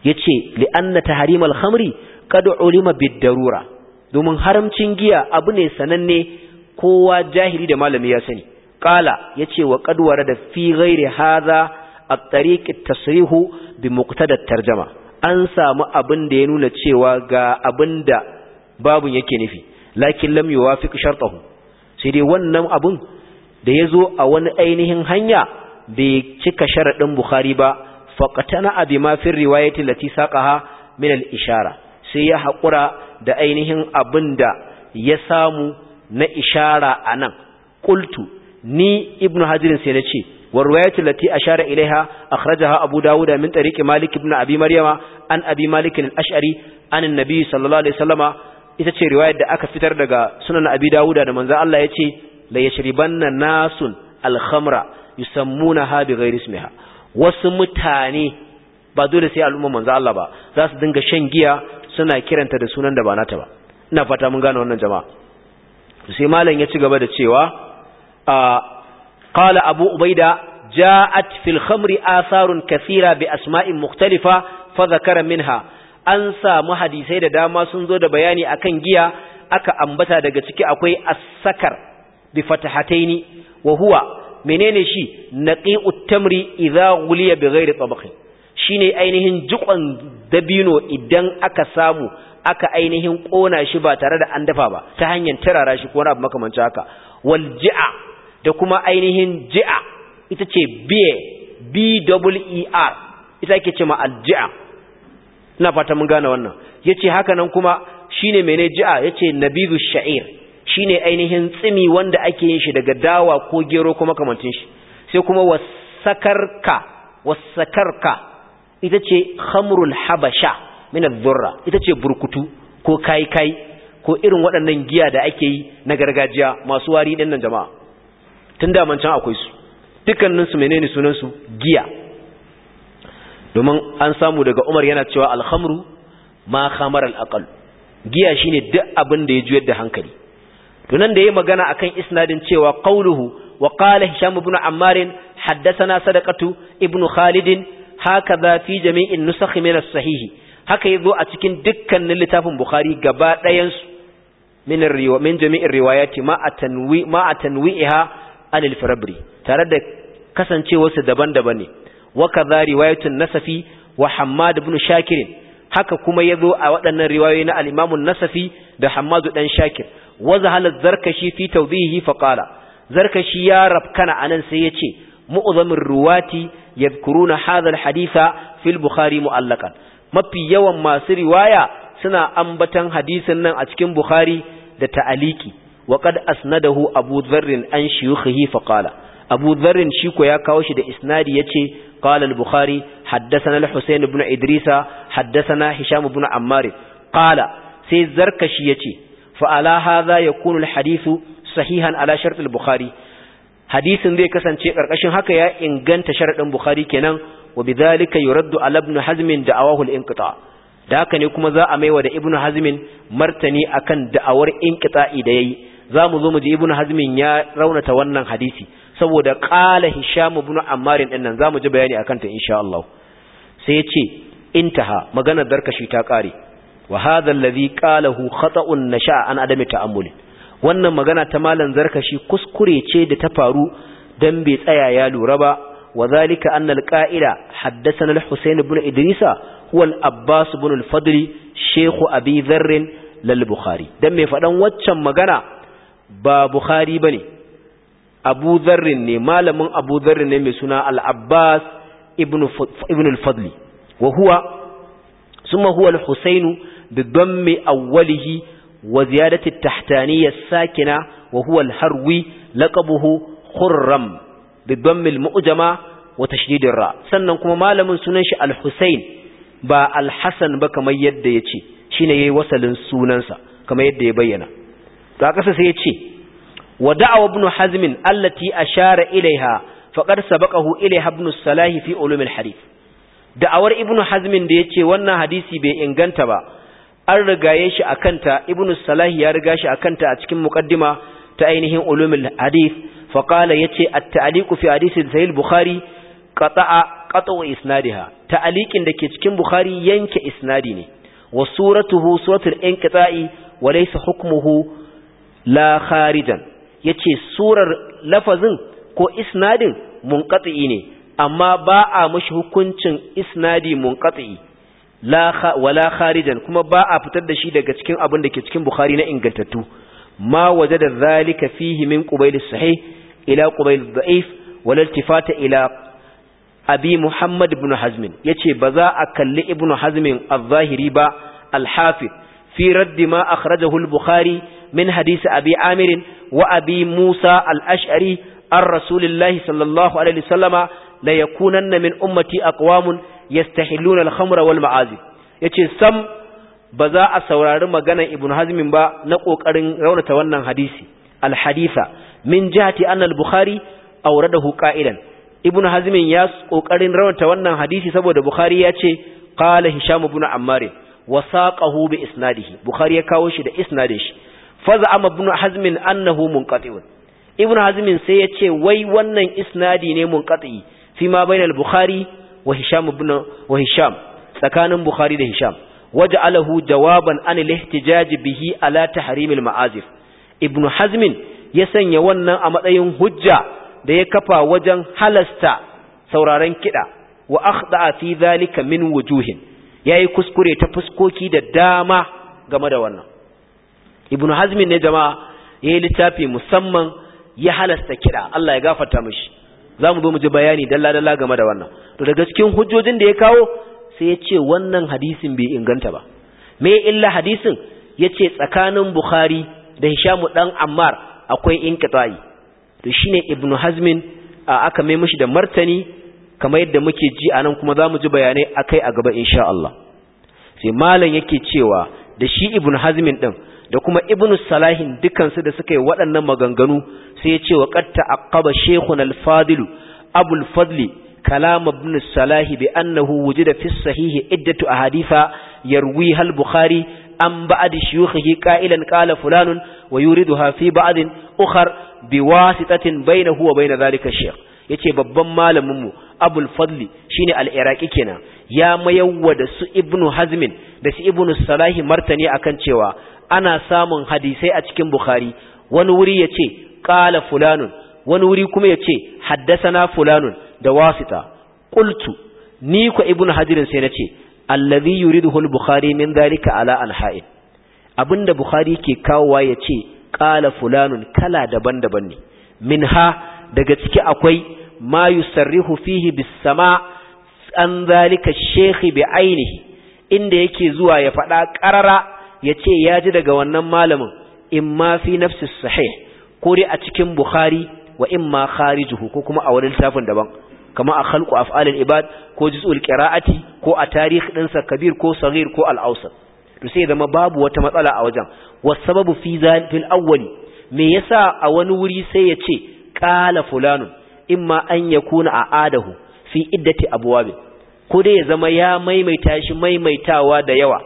yace li anna al khamri qad ulima bid darura domin haramcin giya abu ne sananne kowa jahili da malami ya sani qala yace wa qad warada fi ghairi hadha at-tariq at-tasrihu bi muqtada at-tarjama an samu abin da ya nuna cewa ga abin da babun yake nufi lakin lam yuwafiq shartahu sai dai wannan abin da ya zo a wani ainihin hanya bai cika sharaɗin bukhari ba faqatana abi ma fi riwayati lati saqaha min al-ishara sai ya haƙura da ainihin abin da ya samu na ishara anan qultu ni ibnu hajirin sai na ce والرواية التي أشار إليها أخرجها أبو داود من طريق مالك بن أبي مريم عن أبي مالك الأشعري عن النبي صلى الله عليه وسلم ita ce riwayar da aka fitar daga sunan abi dawuda da manzo Allah ya ce la yashribanna nasun al-khamra yusammunaha bi ghairi ismiha wasu mutane ba dole sai al'umma manzo Allah ba za su dinga shan giya suna kiranta da sunan da ba nata ba ina fata mun gane wannan jama'a sai malam ya ci gaba da cewa a qala abu ubaida ja'at fil khamri bi asma'in mukhtalifa fa minha an samu hadisai da dama sun zo da bayani akan giya aka ambata daga ciki akwai as bi fatahataini wa menene shi naqi'ut tamri idha ghuliya ainihin dabino idan aka samu aka ainihin ƙona shi ba tare da an dafa ba ta hanyar tarara shi ko wani abu makamancin haka wal ji'a da kuma ainihin ji'a ita ce biye b-w-e-r ita ake ce ma alji'a ina fata mun gane wannan ya ce haka nan kuma shine mene ji'a ya ce nabiru sha'ir shine ainihin tsimi wanda ake yin shi daga dawa ko gero kuma kamantin shi sai kuma wasakarka wasakarka ita ce khamrul habasha min adh ita ce burkutu ko kai kai ko irin waɗannan giya da ake yi na gargajiya masu wari ɗin nan jama'a tun da can akwai su dukkaninsu su menene sunansu su giya domin an samu daga Umar yana cewa alhamru khamru ma khamar giya shine duk abin da ya juyar da hankali to nan da yi magana akan isnadin cewa qawluhu wa Shamu hisham ibn ammar haddathana sadakatu ibn haka hakaza fi jami'in nusakh min sahihi haka ya zo a cikin dukkanin littafin bukhari gaba ɗayan min jami'in riwayati ma a ma anil farabri tare da kasancewarsa daban-daban ne wa kaza riwayatun nasafi wa hammad ibn shakir haka kuma zo a waɗannan riwayoyi na al-imam an-nasafi da hammad dan shakir wa zahala zarkashi fi tawdihi fa qala zarkashi ya rabkana anan sai ya ce mu'zamir ruwati yadhkuruna hadha al-haditha fi al-bukhari mu'allaqan mafi yawan masu riwaya suna ambatan hadisin nan a cikin bukhari da ta'aliki وقد أسنده أبو ذر عن شيوخه فقال أبو ذر شيكو يا كاوش دا إسناد يتي قال البخاري حدثنا الحسين بن إدريس حدثنا هشام بن عمار قال سي زركش يتي فعلى هذا يكون الحديث صحيحا على شرط البخاري hadisin zai kasance karkashin haka ya inganta sharadin bukhari kenan wa bidhalika yuraddu ala ibn hazmin da'awahu al-inqita da haka ne kuma za a maiwa da ibn hazmin martani akan da'awar inqita'i da yayi za mu zo mu ji ibnu hazmin ya raunata wannan hadisi saboda qala hisham ibn ammar din nan za mu ji bayani akan ta insha Allah sai ya ce intaha maganar darkashi ta kare wa hadha alladhi qalahu khata'un nasha an adami ta'ammul wannan magana ta malan zarkashi kuskure ce da ta faru dan bai tsaya ya lura ba وذلك أن القائل حدثنا الحسين بن إدريس هو الأباس بن abi شيخ Lal Bukhari. Dan mai faɗan waccan magana. ba bukhari bane abu zarrin ne malamin abu zarrin ne mai suna al-abbas ibn al-fadli wa huwa summa huwa al-husayn bi awwalihi wa ziyadati at sakina wa huwa al-harwi laqabuhu khurram bi dammi al wa tashidin ra sannan kuma malamin sunan shi al-husayn ba al hassan ba kamar yadda ya ne shine yi wasalin sunansa kamar yadda ya bayyana to a ƙasa sai ya ce wa da'awa ibn hazm allati ashara ilaiha faqad sabaqahu ilaiha ibn salah fi ulum al-hadith da'awar ibn hazm da yace wannan hadisi bai inganta ba an rigaye shi akanta ibn salah ya riga shi akanta a cikin muqaddima ta ainihin ulum al-hadith faqala yace at-ta'liqu fi hadith sahih bukhari qata'a qat'u isnadiha ta'liqin da ke cikin bukhari yanke isnadi ne wa suratuhu suratul inqita'i wa laysa hukmuhu la kharijan yace surar lafazin ko isnadin munqati ne amma ba a mashi hukuncin isnadi munqati la wala kharijan kuma ba a fitar da shi daga cikin abin da ke cikin bukhari na ingantattu ma wajada zalika fihi min qubayl sahih ila qubayl da'if wala iltifata ila abi muhammad ibn hazm yace ba za a kalli ibn hazm al-zahiri ba al-hafiz fi raddi ma akhrajahu al-bukhari min hadisi abi amirin wa abi musa ashari an rasulillahi sallallahu alaihi sallama la yakunanna min ummati aqwamun yastahilluna al-khamra wal ma'azib yace sam ba za a saurari maganar ibn hazmin ba na kokarin raunata wannan hadisi al-haditha min jihati anna al-bukhari dahu qa'ilan ibn hazmin ya ƙoƙarin raunata wannan hadisi saboda bukhari ya ce qala hisham ibn ammar wa saqahu bi isnadihi bukhari ya kawo shi da isnadin shi فزعم ابن Hazmin انه منقطع Ibnu Hazmin sai yace wai wannan isnadi ne munqati fi ma bainal bukhari wa hisham tsakanin bukhari da hisham alahu jawaban an al bihi ala tahrim al-ma'azif ibn hazm ya sanya wannan a matsayin hujja da ya kafa wajen halasta sauraron kiɗa, wa akhda'a fi dhalika min wujuhin yayi kuskure ta fuskoki da dama game da wannan ibnu hazmin ne jama'a ya yi littafi musamman ya halasta kira Allah ya gafarta mishi za mu zo mu ji bayani dalla-dalla game da wannan to daga cikin hujjojin da ya kawo sai ya ce wannan hadisin bai inganta ba me illa hadisin ya ce tsakanin bukhari da hishamu dan ammar akwai inkita'i to shine ibnu hazmin aka mai mishi da martani kamar yadda muke ji anan kuma za mu ji bayanai akai a gaba insha Allah sai malam yake cewa da shi ibnu hazmin din da kuma ibn salahin dukansu da suka yi waɗannan maganganu sai ya ce wa qatta a shaykhun al-fadil abul fadli kalam ibn salahi bi annahu wujida fi sahihi iddatu hadifa yarwi al-bukhari an ba'd shuyukhihi qailan qala fulanun wa yuriduha fi ba'd ukhar biwasitatin bainahu wa bain dhalika shaykh yace babban malamin mu abul fadli shine al-iraqi kenan ya mayawwa da su ibnu hazmin da su ibnu salahi martani akan cewa ana samun hadisai a cikin bukhari wani wuri ya ce ƙala fulanun wani wuri kuma ya ce haddasana fulanun da wasita ƙultu ni ku ibn hajirin sai na ce allazi yuriduhu al-bukhari min dalika ala al abinda bukhari ke kawowa ya ce ƙala fulanun kala daban-daban ne minha daga ciki akwai ma yusarrihu fihi bis-sama an dalika shekhi bi ainihi inda yake zuwa ya faɗa ƙarara ya ce ya ji daga wannan malamin in ma fi nafsi sahih ko dai a cikin bukhari wa in ma kharijuhu ko kuma a wani littafin daban kama a khalqu af'alil ibad ko juz'ul qira'ati ko a tarihi ɗinsa kabir ko saghir ko al-awsat to sai zama babu wata matsala a wajen sababu fi zalil awwali me yasa a wani wuri sai ya ce qala fulanun ma an ya yakuna adahu fi iddati abwab ko dai ya zama ya maimaita shi maimaitawa da yawa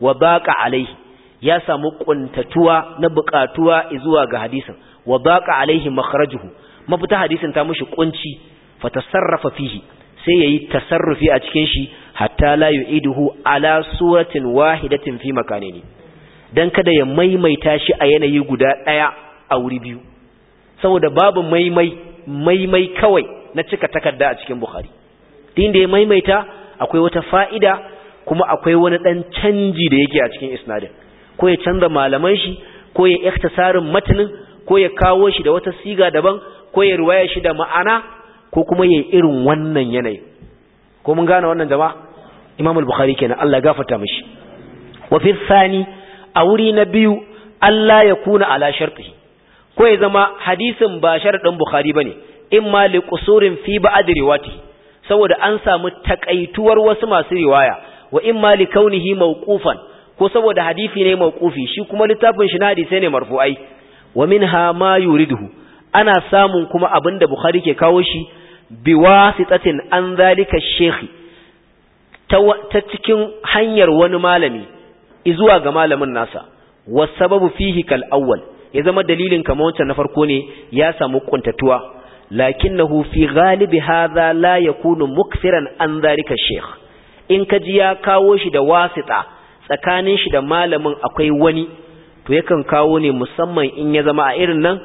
wa baqa alaihi ya samu kuntatuwa na buƙatuwa zuwa ga hadisin wa baqa alaihi makhrajuhu mafita hadisin ta mushi kunci fa tasarrafa fihi sai yayi tasarrufi a cikin shi hatta la yu'iduhu ala suratin wahidatin fi makanini dan kada ya maimaita shi a yanayi guda ɗaya a wuri biyu saboda babu maimai maimai kawai na cika takarda a cikin bukhari din da ya maimaita akwai wata fa'ida kuma akwai wani ɗan canji da yake a cikin isnadin ko ya canza malaman shi ko ya ikhtisarin matanin ko ya kawo shi da wata siga daban ko ya riwaya shi da ma'ana ko kuma ya irin wannan yanayi ko mun gane wannan jama'a Imam al-Bukhari kenan Allah gafarta mishi wa fi thani a wuri na biyu Allah ya kuna ala shartihi ko ya zama hadisin ba sharadin Bukhari bane imma li qusurin fi ba'd riwayati saboda an samu takaituwar wasu masu riwaya wa in ma li kaunihi mawqufan ko saboda hadisi ne mawqufi shi kuma littafin shi na hadisi ne marfu'ai wa minha ma yuriduhu ana samun kuma abinda bukhari ke kawo shi biwasitatin an zalika shekhi ta cikin hanyar wani malami izuwa ga malamin nasa wasababu fihi kal awwal ya zama dalilin kamar wancan na farko ne ya samu kuntatuwa lakinnahu fi ghalibi hadha la yakunu muksiran an zalika shekh in ka ji ya kawo shi da wasita tsakanin shi da malamin akwai wani to yakan kawo ne musamman in ya zama a irin nan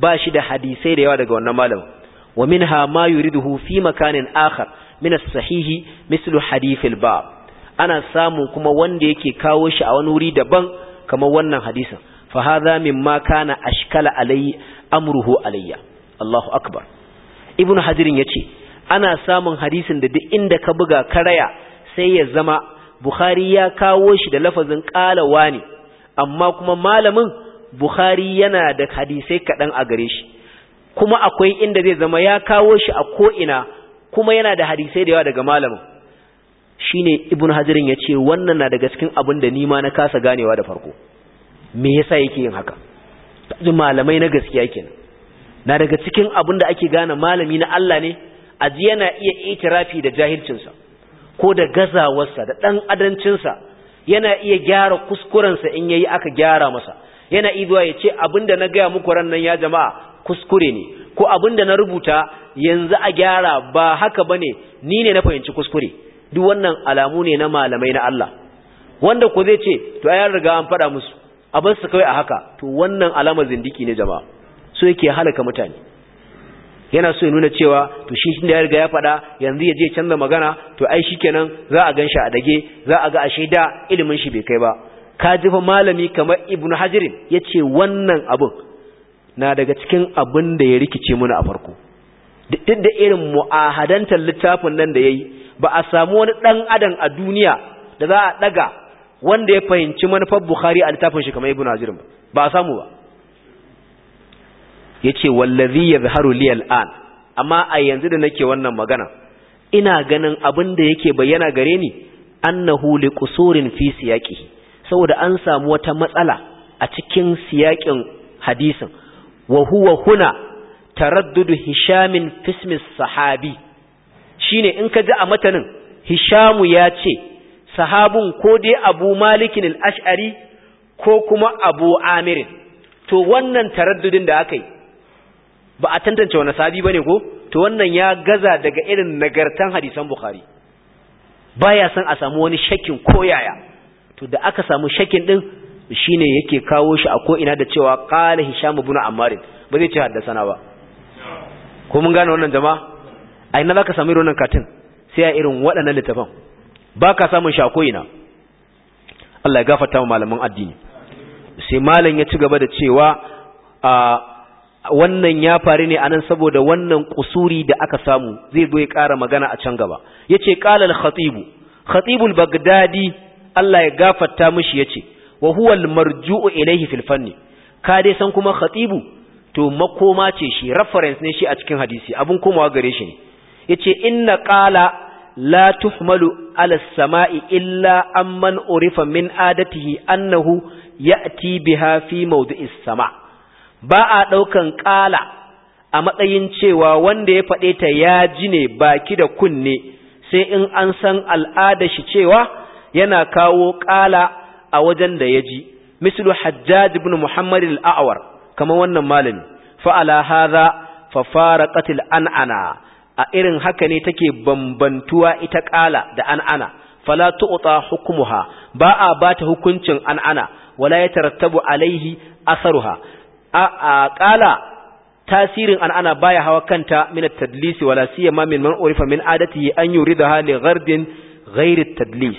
ba shi da hadisai da yawa daga wannan malamin wa minha ma yuriduhu fi makanin akhar min as-sahihi mislu hadith al-bab ana samun kuma wanda yake kawo shi a wani wuri daban kamar wannan hadisin fa hadha mimma kana ashkala alayhi amruhu alayya Allahu akbar ibnu hajirin yace ana samun hadisin da duk inda ka buga karaya sai ya zama Bukhari ya kawo shi da lafazin ƙalawa ne amma kuma malamin Bukhari yana da hadisai kaɗan a gare shi kuma akwai inda zai zama ya kawo shi a ko'ina kuma yana da hadisai da yawa daga malamin shine ibn hajirin ya ce wannan na daga cikin abin da nima na kasa ganewa da farko me yasa yake yin haka malamai na gaskiya kenan na daga cikin abin da ake gane malami na Allah ne aji yana iya itirafi da jahilcinsa ko da gazawarsa da ɗan adancinsa yana iya gyara kuskurensa in yayi aka gyara masa yana izuwa ya ce abinda na gaya muku ran nan ya jama'a kuskure ne ko abinda na rubuta yanzu a gyara ba haka bane ni ne na fahimci kuskure duk wannan alamu ne na malamai na Allah wanda ku zai ce to aya riga an faɗa musu a bar su kai a haka to wannan alamar zindiki ne jama'a so yake halaka mutane yana so ya nuna cewa to shi da ya riga ya faɗa yanzu ya je canza magana to ai shikenan za a ganshi a dage za a ga ashe da ilimin shi bai kai ba ka ji fa malami kamar ibnu hajirin ce wannan abun na daga cikin abin da ya rikice mana a farko duk da irin mu'ahadantar littafin nan da yayi ba a samu wani dan adam a duniya da za a ɗaga wanda ya fahimci manufar bukhari a littafin shi kamar ibnu hajirin ba ba a samu ba yace wallazi yazharu li al'an amma a yanzu da nake wannan magana ina ganin abin da yake bayyana gare ni annahu li qusurin fi siyaqi saboda an samu wata matsala a cikin siyaqin hadisin wa huwa huna taraddudu hishamin fismi sahabi shine in ka ji a matanin hishamu ya ce sahabun ko dai abu malikin al-ash'ari ko kuma abu amirin to wannan taraddudin da aka yi ba a tantance wani sabi bane ko to wannan ya gaza daga irin nagartan hadisan bukhari baya san a samu wani shakin koyaya to da aka samu shakin din shine yake kawo shi a ko ina da cewa qala hisham ibn ammar ba zai ce haddasana ba ko mun gane wannan jama'a a ina zaka samu irin wannan katin sai a irin waɗannan littafan baka samun shi a ko ina Allah ya gafarta wa malaman addini sai malam ya ci gaba da cewa a wannan ya faru ne anan saboda wannan kusuri da aka samu zai zo ya ƙara magana a can gaba yace qala al-khatib khatib al-baghdadi Allah ya gafarta mishi yace wa huwa al-marju'u ilaihi fil fanni ka dai san kuma khatibu to makoma ce shi reference ne shi a cikin hadisi abun komawa gare shi ne yace inna qala la tuhmalu ala samai illa amman urifa min adatihi annahu ya'ti biha fi mawdi'is sama' ba a ɗaukan ƙala a matsayin cewa wanda ya faɗe ta ya ji ne baki da kunne sai in an san al'ada shi cewa yana kawo ƙala a wajen da ya ji mislu hajjaj ibn muhammad al'awar kamar wannan malami fa'ala haza fa fara qatil an'ana a irin haka ne take bambantuwa ita ƙala da an'ana fala tu'ta hukmuha ba a bata hukuncin an'ana wala ya yatarattabu alaihi asaruha a qala tasirin an'ana baya hawa kanta min tadlisi tadlis wala siyama min man min adatihi an yuridaha li ghardin ghairi at-tadlis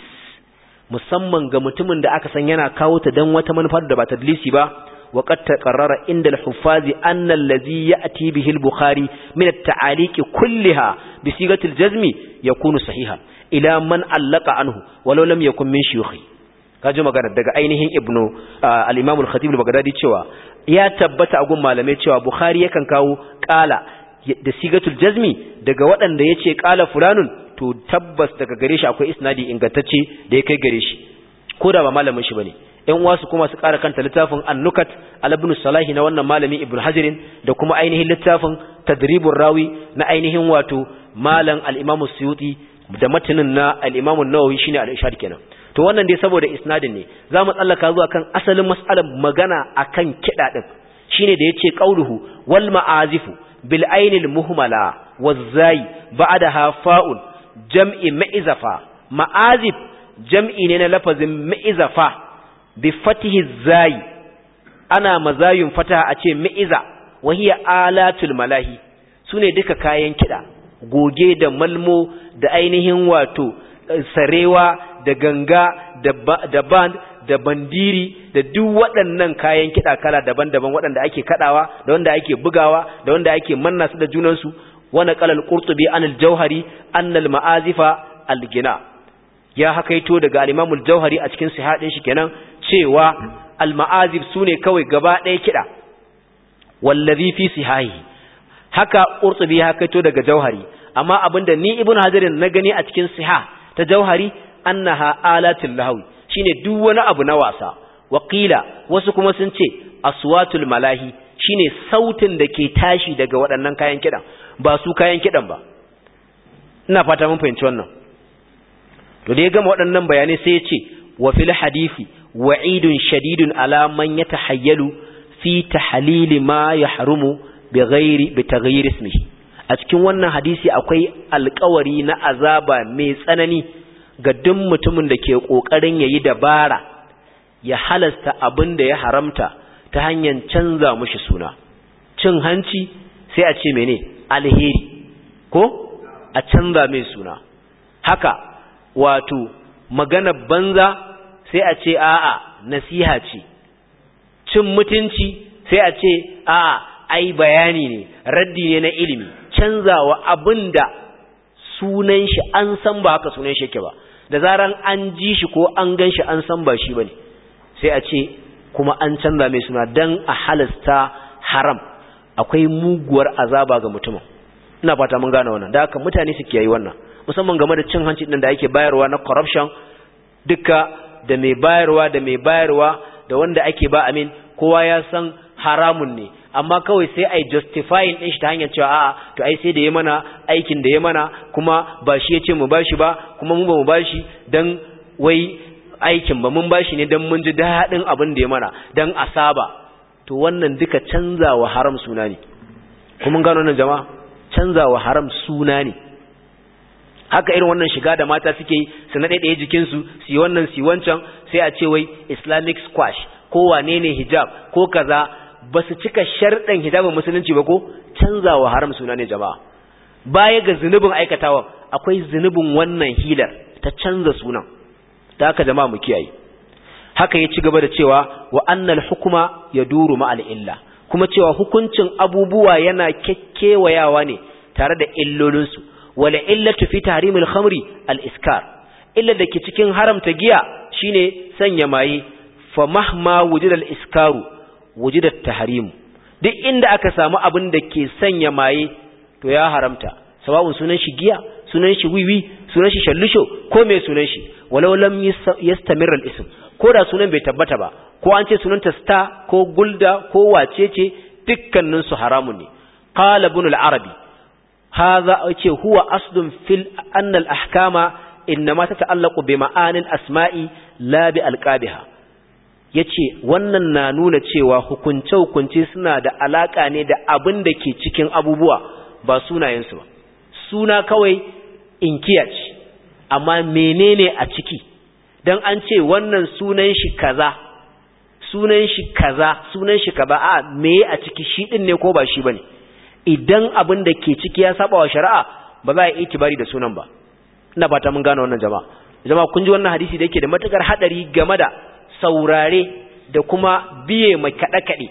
musamman ga mutumin da aka san yana kawo ta dan wata manufar da ba tadlisi ba wa qad taqarrara inda al-huffazi anna allazi ya'ti bihi al-bukhari min at-ta'aliq kulliha bi sigati al-jazmi yakunu sahiha ila man allaqa anhu walau lam yakun min shuyukhi Ka ji magana daga ainihin ibnu ah, al-imam al-khatib cewa ya tabbata a gun malamai cewa bukhari yakan kawo qala da sigatul jazmi daga waɗanda ya ce qala fulanun to tabbas daga gare shi akwai isnadi ingantacce da ya kai gare shi ko da ba malamin shi bane ɗan uwa su kuma su ƙara kanta littafin annukat al salahi na wannan malami ibn hajirin da kuma ainihin littafin tadribur rawi na ainihin wato malam al-imam suyuti da matanin na al-imam an-nawawi shine al kenan to wannan dai saboda isnadin ne za mu tsallaka zuwa kan asalin mas'alar magana akan kiɗa ɗin shine da yace qauluhu wal ma'azifu bil ainil muhmala wazzai ba'daha fa'un jam'i ma'izafa ma'azif jam'i ne na lafazin ma'izafa bi fatihi zai ana mazayun fataha a ce ma'iza wa hiya alatul malahi sune duka kayan kiɗa goge da malmo da ainihin wato eh, sarewa da ganga da band da bandiri da duk waɗannan kayan kiɗa kala daban-daban waɗanda ake kaɗawa da wanda ake bugawa da wanda ake manna su da junansu wani ƙalal ƙurtubi an jauhari an ma'azifa algina ya hakaito daga alimamul jauhari a cikin sihaɗin shi kenan cewa alma'azif su ne kawai gaba ɗaya kiɗa wallazi fi sihahi haka ƙurtubi ya hakaito daga jauhari amma abinda ni ibn hajarin na gani a cikin siha ta jauhari annaha alatul lahawi shine duk wani abu na wasa waqila wasu kuma sun ce aswatul malahi shine sautin da ke tashi daga waɗannan kayan kidan ba su kayan kidan ba ina fata mun fahimci wannan to da ya gama waɗannan bayanai sai ya ce wa fil hadisi wa'idun shadidun ala man yatahayyalu fi tahlil ma yahrumu bighairi bitaghyir ismihi a cikin wannan hadisi akwai alƙawari na azaba mai tsanani ga duk mutumin da ke ƙoƙarin ya yi dabara ya halasta abin da ya haramta ta hanyar canza mushi suna cin hanci sai a ce mene alheri ko a canza mai suna haka wato magana banza sai a ce a'a nasiha ce cin mutunci sai a ce a'a ai bayani ne raddi ne na ilimi canzawa abin da sunan shi an san ba haka sunan shi yake ba da zaran an ji shi ko an gan shi an san ba shi bane sai a ce kuma an canza mai suna dan a halasta haram akwai muguwar azaba ga mutumin ina fata mun gane wannan da haka mutane su kiyaye wannan musamman game da cin hanci din da ake bayarwa na corruption duka da mai bayarwa da mai bayarwa da wanda ake ba amin kowa ya san haramun ne amma kawai sai ai justifying din shi ta hanyar cewa a'a to ai sai da ya mana aikin da ya mana kuma ba shi yace mu bashi ba kuma mu ba mu bashi dan wai aikin ba mun bashi ne dan mun ji dadin abin da ya mana dan asaba to wannan duka canzawa haram suna ne kuma mun gano nan jama'a canzawa haram suna ne haka irin wannan shiga da mata suke yi su na ɗaiɗaya jikinsu su yi wannan su wancan sai a ce wai islamic squash ko wane ne hijab ko kaza ba su cika sharɗan hijabin musulunci ba ko canzawa haram suna ne jama'a baya ga zunubin aikatawa, akwai zunubin wannan hilar ta canza sunan ta haka jama'a mu kiyaye haka ya ci gaba da cewa wa annal hukuma ya duru ma'al illa kuma cewa hukuncin abubuwa yana kekkewayawa ne tare da illolinsu wala illatu fi tahrimil khamri al iskar illa da ke cikin haramta giya shine sanya maye fa mahma wujidal iskaru da tahrim duk inda aka samu abin da ke sanya maye to ya haramta sawa'un sunan shi giya sunan shi wiwi sunan shi shallusho ko me sunan shi walau lam yastamir al-ism ko da sunan bai tabbata ba ko an ce sunanta star ko gulda ko wacece dukkanin su haramun ne qala ibn al-arabi hadha ce huwa asdun fil anna al-ahkama inma tata'allaqu bi asma'i la bi alqabiha ya ce wannan na nuna cewa hukunce-hukunce suna da alaƙa ne da abin da ke cikin abubuwa ba sunayensu ba suna kawai in ce amma menene a ciki don an ce wannan sunan shi kaza sunan shi kaza sunan shi kaza a meye a ciki shi din ne ko ba shi bane idan abin da ke ciki ya saba wa shari'a ba za a yi itibari da sunan ba ina fata mun gane wannan jama'a jama'a kun ji wannan hadisi da yake da matukar hadari game da saurare da kuma biye mai kaɗe-kaɗe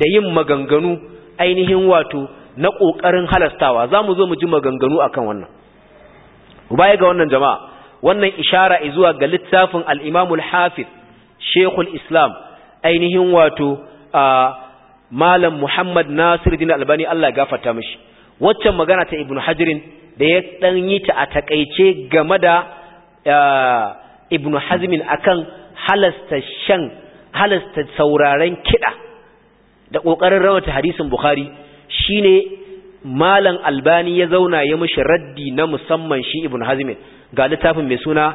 da yin maganganu ainihin wato na ƙoƙarin halastawa za mu zo mu ji maganganu akan wannan baya ga wannan jama'a wannan ishara zuwa ga littafin al'imamul hafiz shekul islam ainihin wato a malam muhammad nasir din albani allah gafata mashi waccan magana ta ibn hajirin da ya ɗan yi ta a taƙaice game da ibn hazmin akan halasta shan halasta sauraren kiɗa da ƙoƙarin rawata hadisin bukhari shine malam albani ya zauna ya mishi raddi na musamman shi ibn hazmin ga littafin mai suna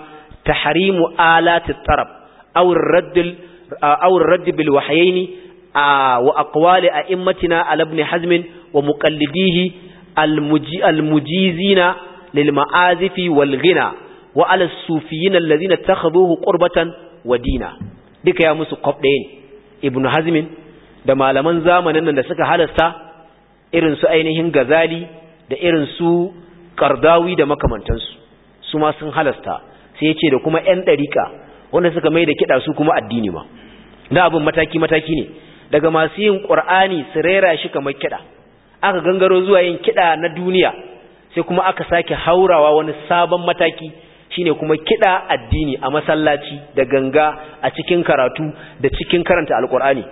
tahrimu alati tarab aw raddil aw radd bil wahyayn wa aqwali a'immatina al ibn hazmin wa muqallidihi al mujizina lil ma'azifi wal ghina wa ala sufiyyin alladhina takhaduhu qurbatan wa dina duka ya musu kwaf ɗaya ne ibnu hazmin da malaman zamanin nan da suka halasta irin su ainihin gazali da irin su kardawi da makamantansu su ma sun halasta sai ya ce da kuma 'yan ɗarika wanda suka mai da kiɗa su kuma addini ma na abin mataki-mataki ne daga masu yin ƙur'ani su rera shi kamar kiɗa aka gangaro zuwa yin kiɗa na duniya sai kuma aka sake haurawa wani sabon mataki shine kuma kida addini a masallaci da ganga a cikin karatu da cikin karanta alqur'ani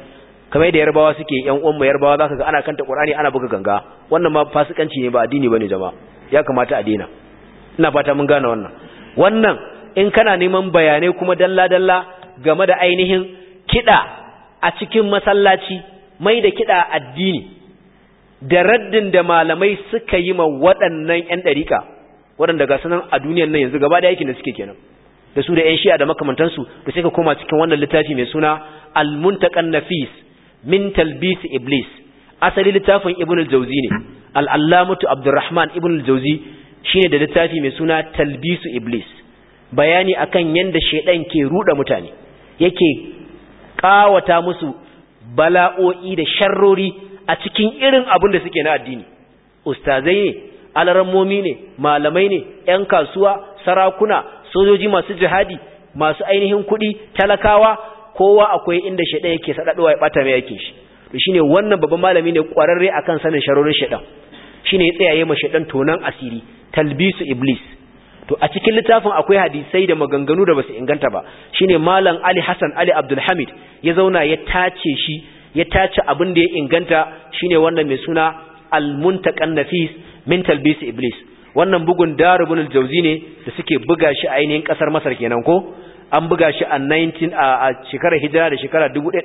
kamar yadda yarbawa suke yan uwan mu yarbawa zaka ga ana kanta qur'ani ana buga ganga wannan ma fasikanci ne ba addini bane jama'a ya kamata a daina ina fata mun gane wannan wannan in kana neman bayanai kuma dalla dalla game da ainihin kida a cikin masallaci mai da kida addini da raddin da malamai suka yi ma waɗannan 'yan ɗarika waɗanda ga sanan a duniyan nan yanzu gaba da aikin da suke kenan da su da yan shi'a da makamantansu da sai ka koma cikin wannan littafi mai suna al-muntaqan nafis min talbis iblis asali littafin ibnu al-jawzi ne al-allamatu abdurrahman ibnu al-jawzi shine da littafi mai suna talbis iblis bayani akan yanda shedan ke ruda mutane yake kawata musu bala'o'i da sharrori a cikin irin abin da suke na addini ustazai ne alarammomi ne malamai ne ƴan kasuwa sarakuna sojoji masu jihadi masu ainihin kuɗi talakawa kowa akwai inda shaidan yake sadaduwa ya bata mai yake shi to shine wannan babban malami ne kwararre akan sanin sharorin shaidan shine ya tsayaye ma shaidan tonan asiri talbisu iblis to a cikin littafin akwai hadisai da maganganu da basu inganta ba shine malam Ali Hassan Ali Abdulhamid ya zauna ya tace shi ya tace abin da ya inganta shine wannan mai suna al-muntaqan nafis min talbisi iblis wannan bugun darubun aljawzi ne da suke buga shi a ainihin kasar masar kenan ko an buga shi a 19 a shekarar hijira da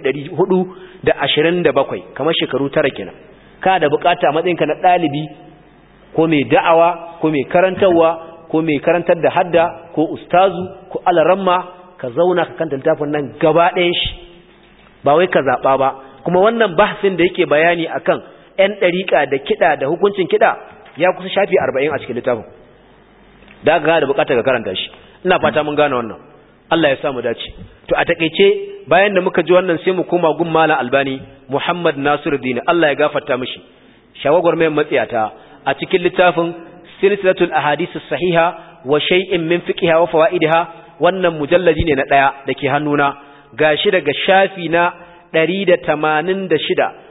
da 1427 kamar shekaru tara kenan ka da bukata matsayinka na dalibi ko mai da'awa ko mai karantarwa ko mai karantar da hadda ko ustazu ko alaramma ka zauna ka kanta littafin nan gaba ɗayan shi ba wai ka zaɓa ba kuma wannan bahsin da yake bayani akan 'yan ɗariƙa da kiɗa da hukuncin kiɗa ya kusa shafi arba'in a cikin littafin da ga da bukatar ka karanta shi ina fata mun gane wannan Allah ya samu dace to a takeice bayan da muka ji wannan sai mu koma gun malam albani muhammad nasiruddin Allah ya gafarta mishi shawagwar mai matsiyata a cikin littafin silsilatul ahadith sahiha wa shay'in min fiqhiha wa fawaidiha wannan mujallaji ne na daya dake hannuna gashi daga shafi na 186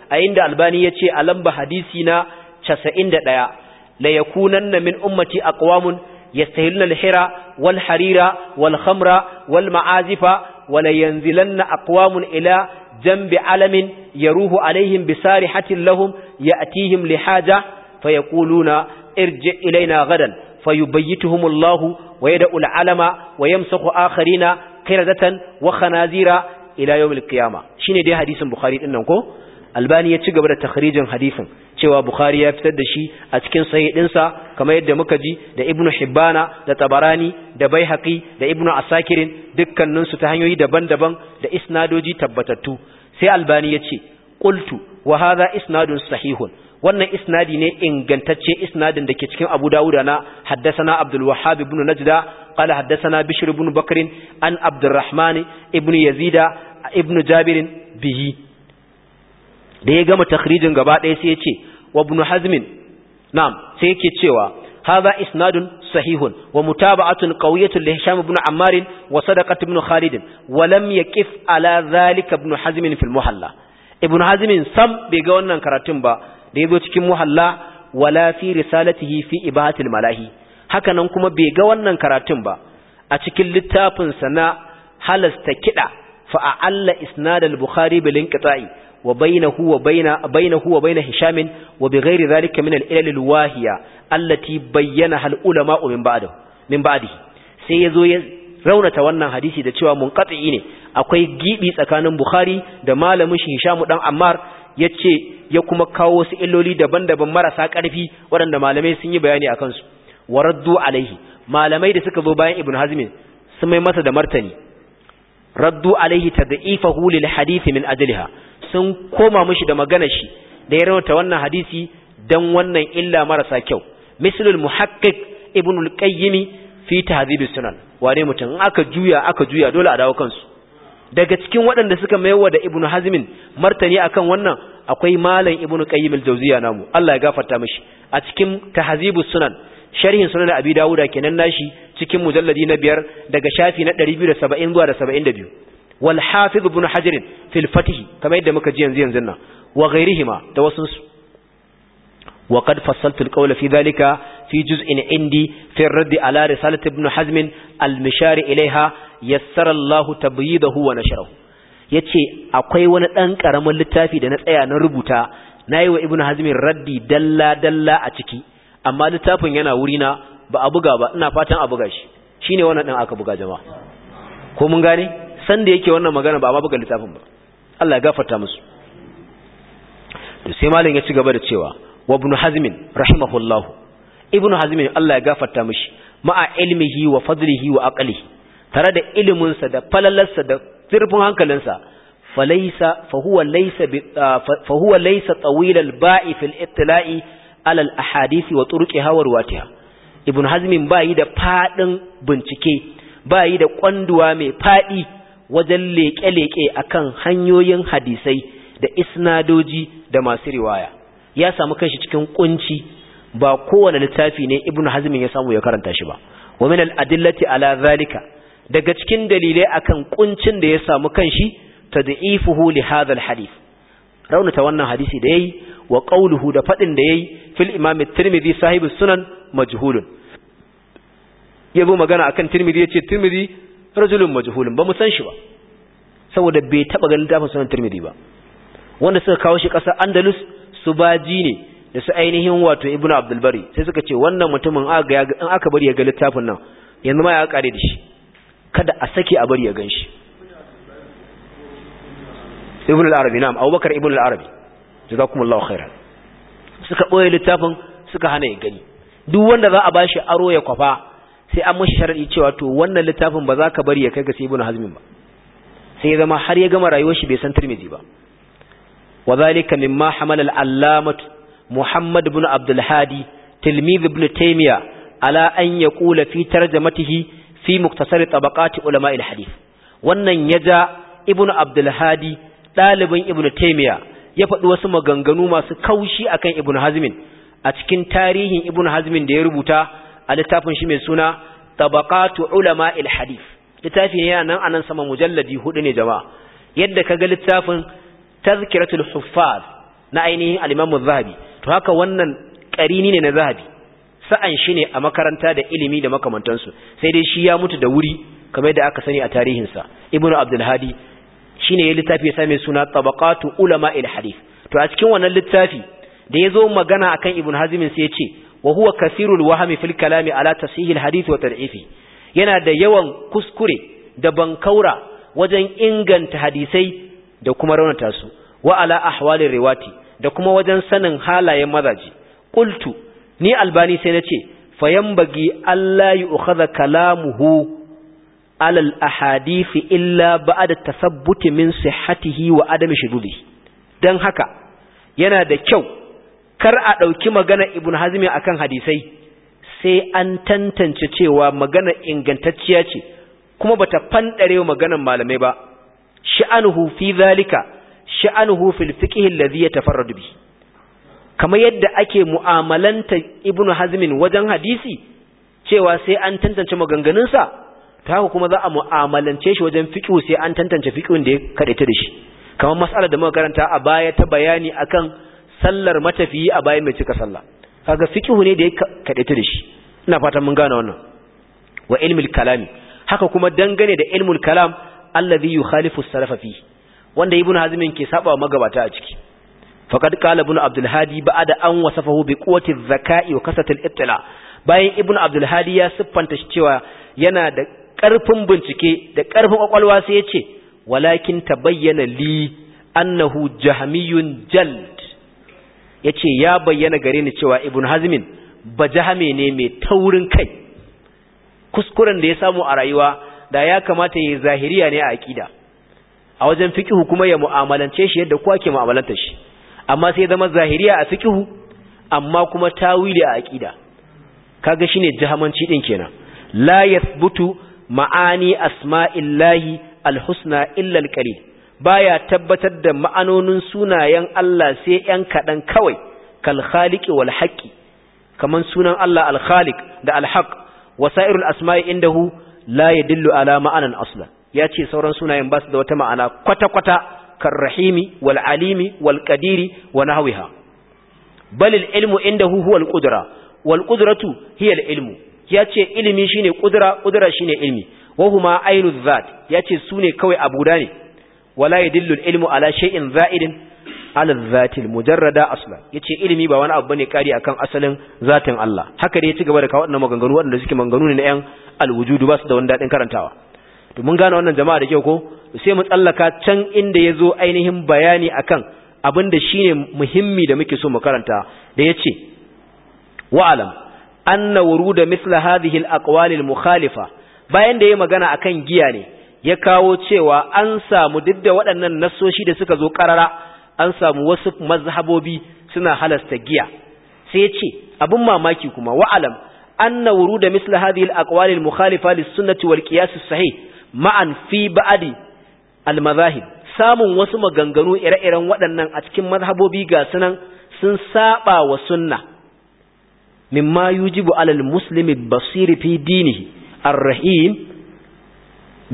a inda albani yace a lamba hadisi na 91 la yakunanna min ummati aqwamun yastahilna al-hira wal-harira wal-khamra wal-ma'azifa wa la yanzilanna aqwamun ila jambi 'alamin yaruhu 'alayhim bisarihatin lahum ya'tihim lihaja fayaquluna irji ilayna ghadan fayubayyituhum Allah wa yad'u al-'alama wa yamsakhu akharina qiradatan wa khanazira ila yawm al-qiyamah shine dai hadisin bukhari din nan ko albani ya ci gaba da takhrijin hadisin cewa bukhari ya fitar da shi a cikin sahih kamar yadda muka ji da ibnu hibbana da tabarani da baihaqi da ibnu asakirin dukkanin su ta hanyoyi daban-daban da isnadoji tabbatattu sai albani yace qultu wa hadha isnadun sahihun wannan isnadi ne ingantacce isnadin da ke cikin abu dawuda na haddasana abdul wahhab ibn najda qala haddasana bishr ibn bakr an abdurrahman ibn yazida ibn jabir bihi da ya gama takhrijin gaba ɗaya sai ya ce wa ibn hazm na'am sai yake cewa haza isnadun sahihun wa mutaba'atun qawiyatun li hisham ibn wa sadaqat ibn khalid wa lam yaqif ala dhalika ibn hazm fi muhalla ibn hazm sam bai ga wannan karatun ba da yazo cikin muhalla wala fi risalatihi fi ibahatil malahi haka nan kuma bai ga wannan karatun ba a cikin littafinsa na halasta kiɗa fa alla isnad al-bukhari bil inqita'i وبينه وبين بينه وبين هشام وبغير ذلك من العلل الواهية التي بينها العلماء من بعده من بعده sai yazo ya raunata wannan hadisi da cewa munqati ne akwai gibi tsakanin Bukhari da malamin shi Hisham dan Ammar yace ya kuma kawo su illoli daban-daban marasa ƙarfi waɗanda malamai sun yi bayani akan su waraddu alaihi malamai da suka zo bayan Ibn Hazm sun mai masa da martani raddu alaihi tad'ifahu lil hadisi min ajliha sun koma mishi da magana shi da ya rawata wannan hadisi dan wannan illa marasa kyau mislul muhaqqiq ibn al-qayyim fi tahdhib sunan ware mutum aka juya aka juya dole a dawo kansu daga cikin waɗanda suka mayarwa da ibn hazmin martani akan wannan akwai malam ibn qayyim al-jawziya namu Allah ya gafarta mishi a cikin tahzibus sunan sharhin sunan abi dawuda kenan nashi cikin mujalladi na biyar daga shafi na 270 zuwa 72 wal hafiz ibn hajar fil fatih kamar yadda muka ji yanzu yanzu nan wa da wasu wa qad fassaltu al qawla fi dhalika fi indi fi ar-radd ala risalati ibn hazm al mishar ilaiha yassara Allah tabyidahu wa nashrahu yace akwai wani dan karamin littafi da na tsaya na rubuta na yi wa ibn hazm raddi dalla dalla a ciki amma littafin yana wurina ba a buga ba ina fatan a buga shi shine wannan din aka buga jama'a ko mun gane san da yake wannan magana ba ma buga littafin ba Allah ya gafarta musu to sai malam ya ci gaba da cewa wa ibn hazm rahimahullah ibn hazm Allah ya gafarta mishi ma'a ilmihi wa fadlihi wa aqlihi tare da ilimin sa da falalarsa da zurfin hankalinsa falaysa fa huwa laysa fa huwa laysa ah, tawil al ba'i fil ittila'i ala al ahadith wa turuqiha wa ruwatiha ibn hazm bai da fadin bincike ba yi da kwanduwa mai fadi wajen leƙe-leƙe akan hanyoyin hadisai da isnadoji da masu riwaya ya samu kanshi cikin ƙunci ba kowane littafi ne Ibn hazmin ya samu ya karanta shi ba wa min al'adillati adillati ala zalika daga cikin dalilai akan kuncin da ya samu kanshi ta li hadha hadith raunata wannan hadisi da yayi wa ƙauluhu da faɗin da yayi fil imam at-tirmidhi sahibi sunan majhulun yabo magana akan tirmidhi yace tirmidhi rajulun majhulun ba mu san shi ba saboda bai taba ganin dafa sunan tirmidhi ba wanda suka kawo shi kasar andalus su baji ne da su ainihin wato ibnu abdul bari sai suka ce wannan mutumin in aka bari ya ga littafin nan yanzu ma ya kare da shi kada a sake a bari ya gan shi ibnu al-arabi na'am abubakar ibnu al-arabi jazakumullahu khairan suka boye littafin suka hana ya gani duk wanda za a bashi aro ya kwafa sai an mashi sharadi cewa to wannan littafin ba za ka bari ya kai ga sai ibnu hazmin ba sai ya zama har ya gama rayuwar shi bai san tirmidhi ba Wazalika Min mimma hamala al-allamat muhammad ibn abdul hadi tilmiz ibn taymiya ala an yaqula fi tarjamatihi fi muktasar tabaqat ulama al-hadith wannan yaja ibnu abdul hadi dalibin ibnu taymiya ya faɗi wasu maganganu masu kaushi akan Ibn hazmin a cikin tarihin ibnu hazmin da ya rubuta a littafin shi mai suna tabaqatu ulama il hadith littafi ne yana nan anan sama mujalladi hudu ne jama'a yadda kaga littafin tazkiratul huffaz na ainihin al zahabi to haka wannan karini ne na zahabi sa'an shi ne a makaranta da ilimi da makamantansu sai dai shi ya mutu da wuri kamar yadda aka sani a tarihinsa ibnu abdul hadi shine ya littafi ya same suna tabaqatu ulama il hadith to a cikin wannan littafi da ya zo magana akan ibn hazim sai ya ce wa huwa kasirul wahmi fil kalami ala tasihil hadith wa yana da yawan kuskure da bankaura wajen inganta hadisai da kuma raunata su wa ala ahwalir riwati da kuma wajen sanin halayen mazaji qultu ni albani sai nace fayambagi alla yu'khadha kalamuhu alal al ahadith illa ba'da tasabbuti min sihhatihi wa adami shududihi dan haka yana da kyau kar a ɗauki magana ibn hazmi akan hadisai sai an tantance cewa magana ingantacciya ce kuma bata fandare maganan malamai ba sha'anuhu fi zalika sha'anuhu fil fiqh alladhi yatafarradu bi kamar yadda ake mu'amalanta ibn hazmin wajen hadisi cewa sai an tantance maganganunsa ta haka kuma za a mu'amalance shi wajen fiqh sai an tantance fiqhin da ya kadaita da shi kamar mas'alar da muka karanta a baya ta bayani akan sallar matafiyi a bayan mai cika sallah kaga fiqhu ne da ya kadaita da shi ina fatan mun gane wannan wa ilmul kalami haka kuma dangane da ilmul kalam alladhi yukhalifu as-salafa fi wanda ibnu hazmin ke sabawa magabata a ciki faqad qala ibnu abdul hadi ba'da an wasafahu bi quwwati az-zaka'i wa kasatil ittila bayan ibnu abdul hadi ya siffanta shi cewa yana da karfin bincike da karfin kwakwalwa sai ya ce walakin tabayyana li annahu jahmiyun jal Ya ce ya bayyana gare ni cewa ibn hazmin bajahame ne mai taurin kai kuskuren da ya samu a rayuwa da ya kamata ya yi zahiriya ne a aƙida. a wajen fikihu kuma ya mu'amalance shi yadda kowa ke mu'amalanta shi amma sai zama zahiriya a fikihu amma kuma tawili a aqida kaga shine jahamanci din kenan la yathbutu ma'ani asma'illahi alhusna illa alqalil baya tabbatar da ma'anonin sunayen Allah sai ‘yan kaɗan kawai, kalhaliki wal haƙi, kamar sunan Allah alhalik da alhaq, wasa'irul asma'i inda hu la ya dillu ala ma'anan aslan. Ya ce sauran sunayen ba su da wata ma'ana kwata-kwata kan rahimi wal alimi wal kadiri wa nahawiha. Bal ilmu inda hu huwal ƙudura, hiyal ilmu. Ya ce ilimi shine ƙudura, ƙudura shine ilmi, wahuma ainu zat, ya ce su ne kawai abu da ne. wala yadillu ilmu ala shay'in za'idin ala zatil mujarrada Ya yace ilimi ba wani abu bane kari akan asalin zatin Allah haka dai ya ci gaba da kawo wannan maganganu waɗanda suke maganganu ne na yan alwujudu ba su da wani dadin karantawa to mun gane wannan jama'a da kyau ko sai mu tsallaka can inda ya zo ainihin bayani akan abin da shine muhimmi da muke so mu karanta da yace wa'alam anna wuruda mithla hadhihi al-aqwali al-mukhalifa bayan da yayi magana akan giya ne ya kawo cewa an samu duk da waɗannan nasoshi da suka zo ƙarara an samu wasu mazhabobi suna halasta giya sai ya ce abin mamaki kuma wa'alam an wuruda misla hadhihi al-aqwal al-mukhalifa lis-sunnati wal-qiyas as-sahih ma'an fi ba'di al-madhahib samun wasu maganganu ire-iren waɗannan a cikin mazhabobi ga sunan sun saɓa wa sunna mimma yujibu alal muslimi basiri fi dinihi ar-rahim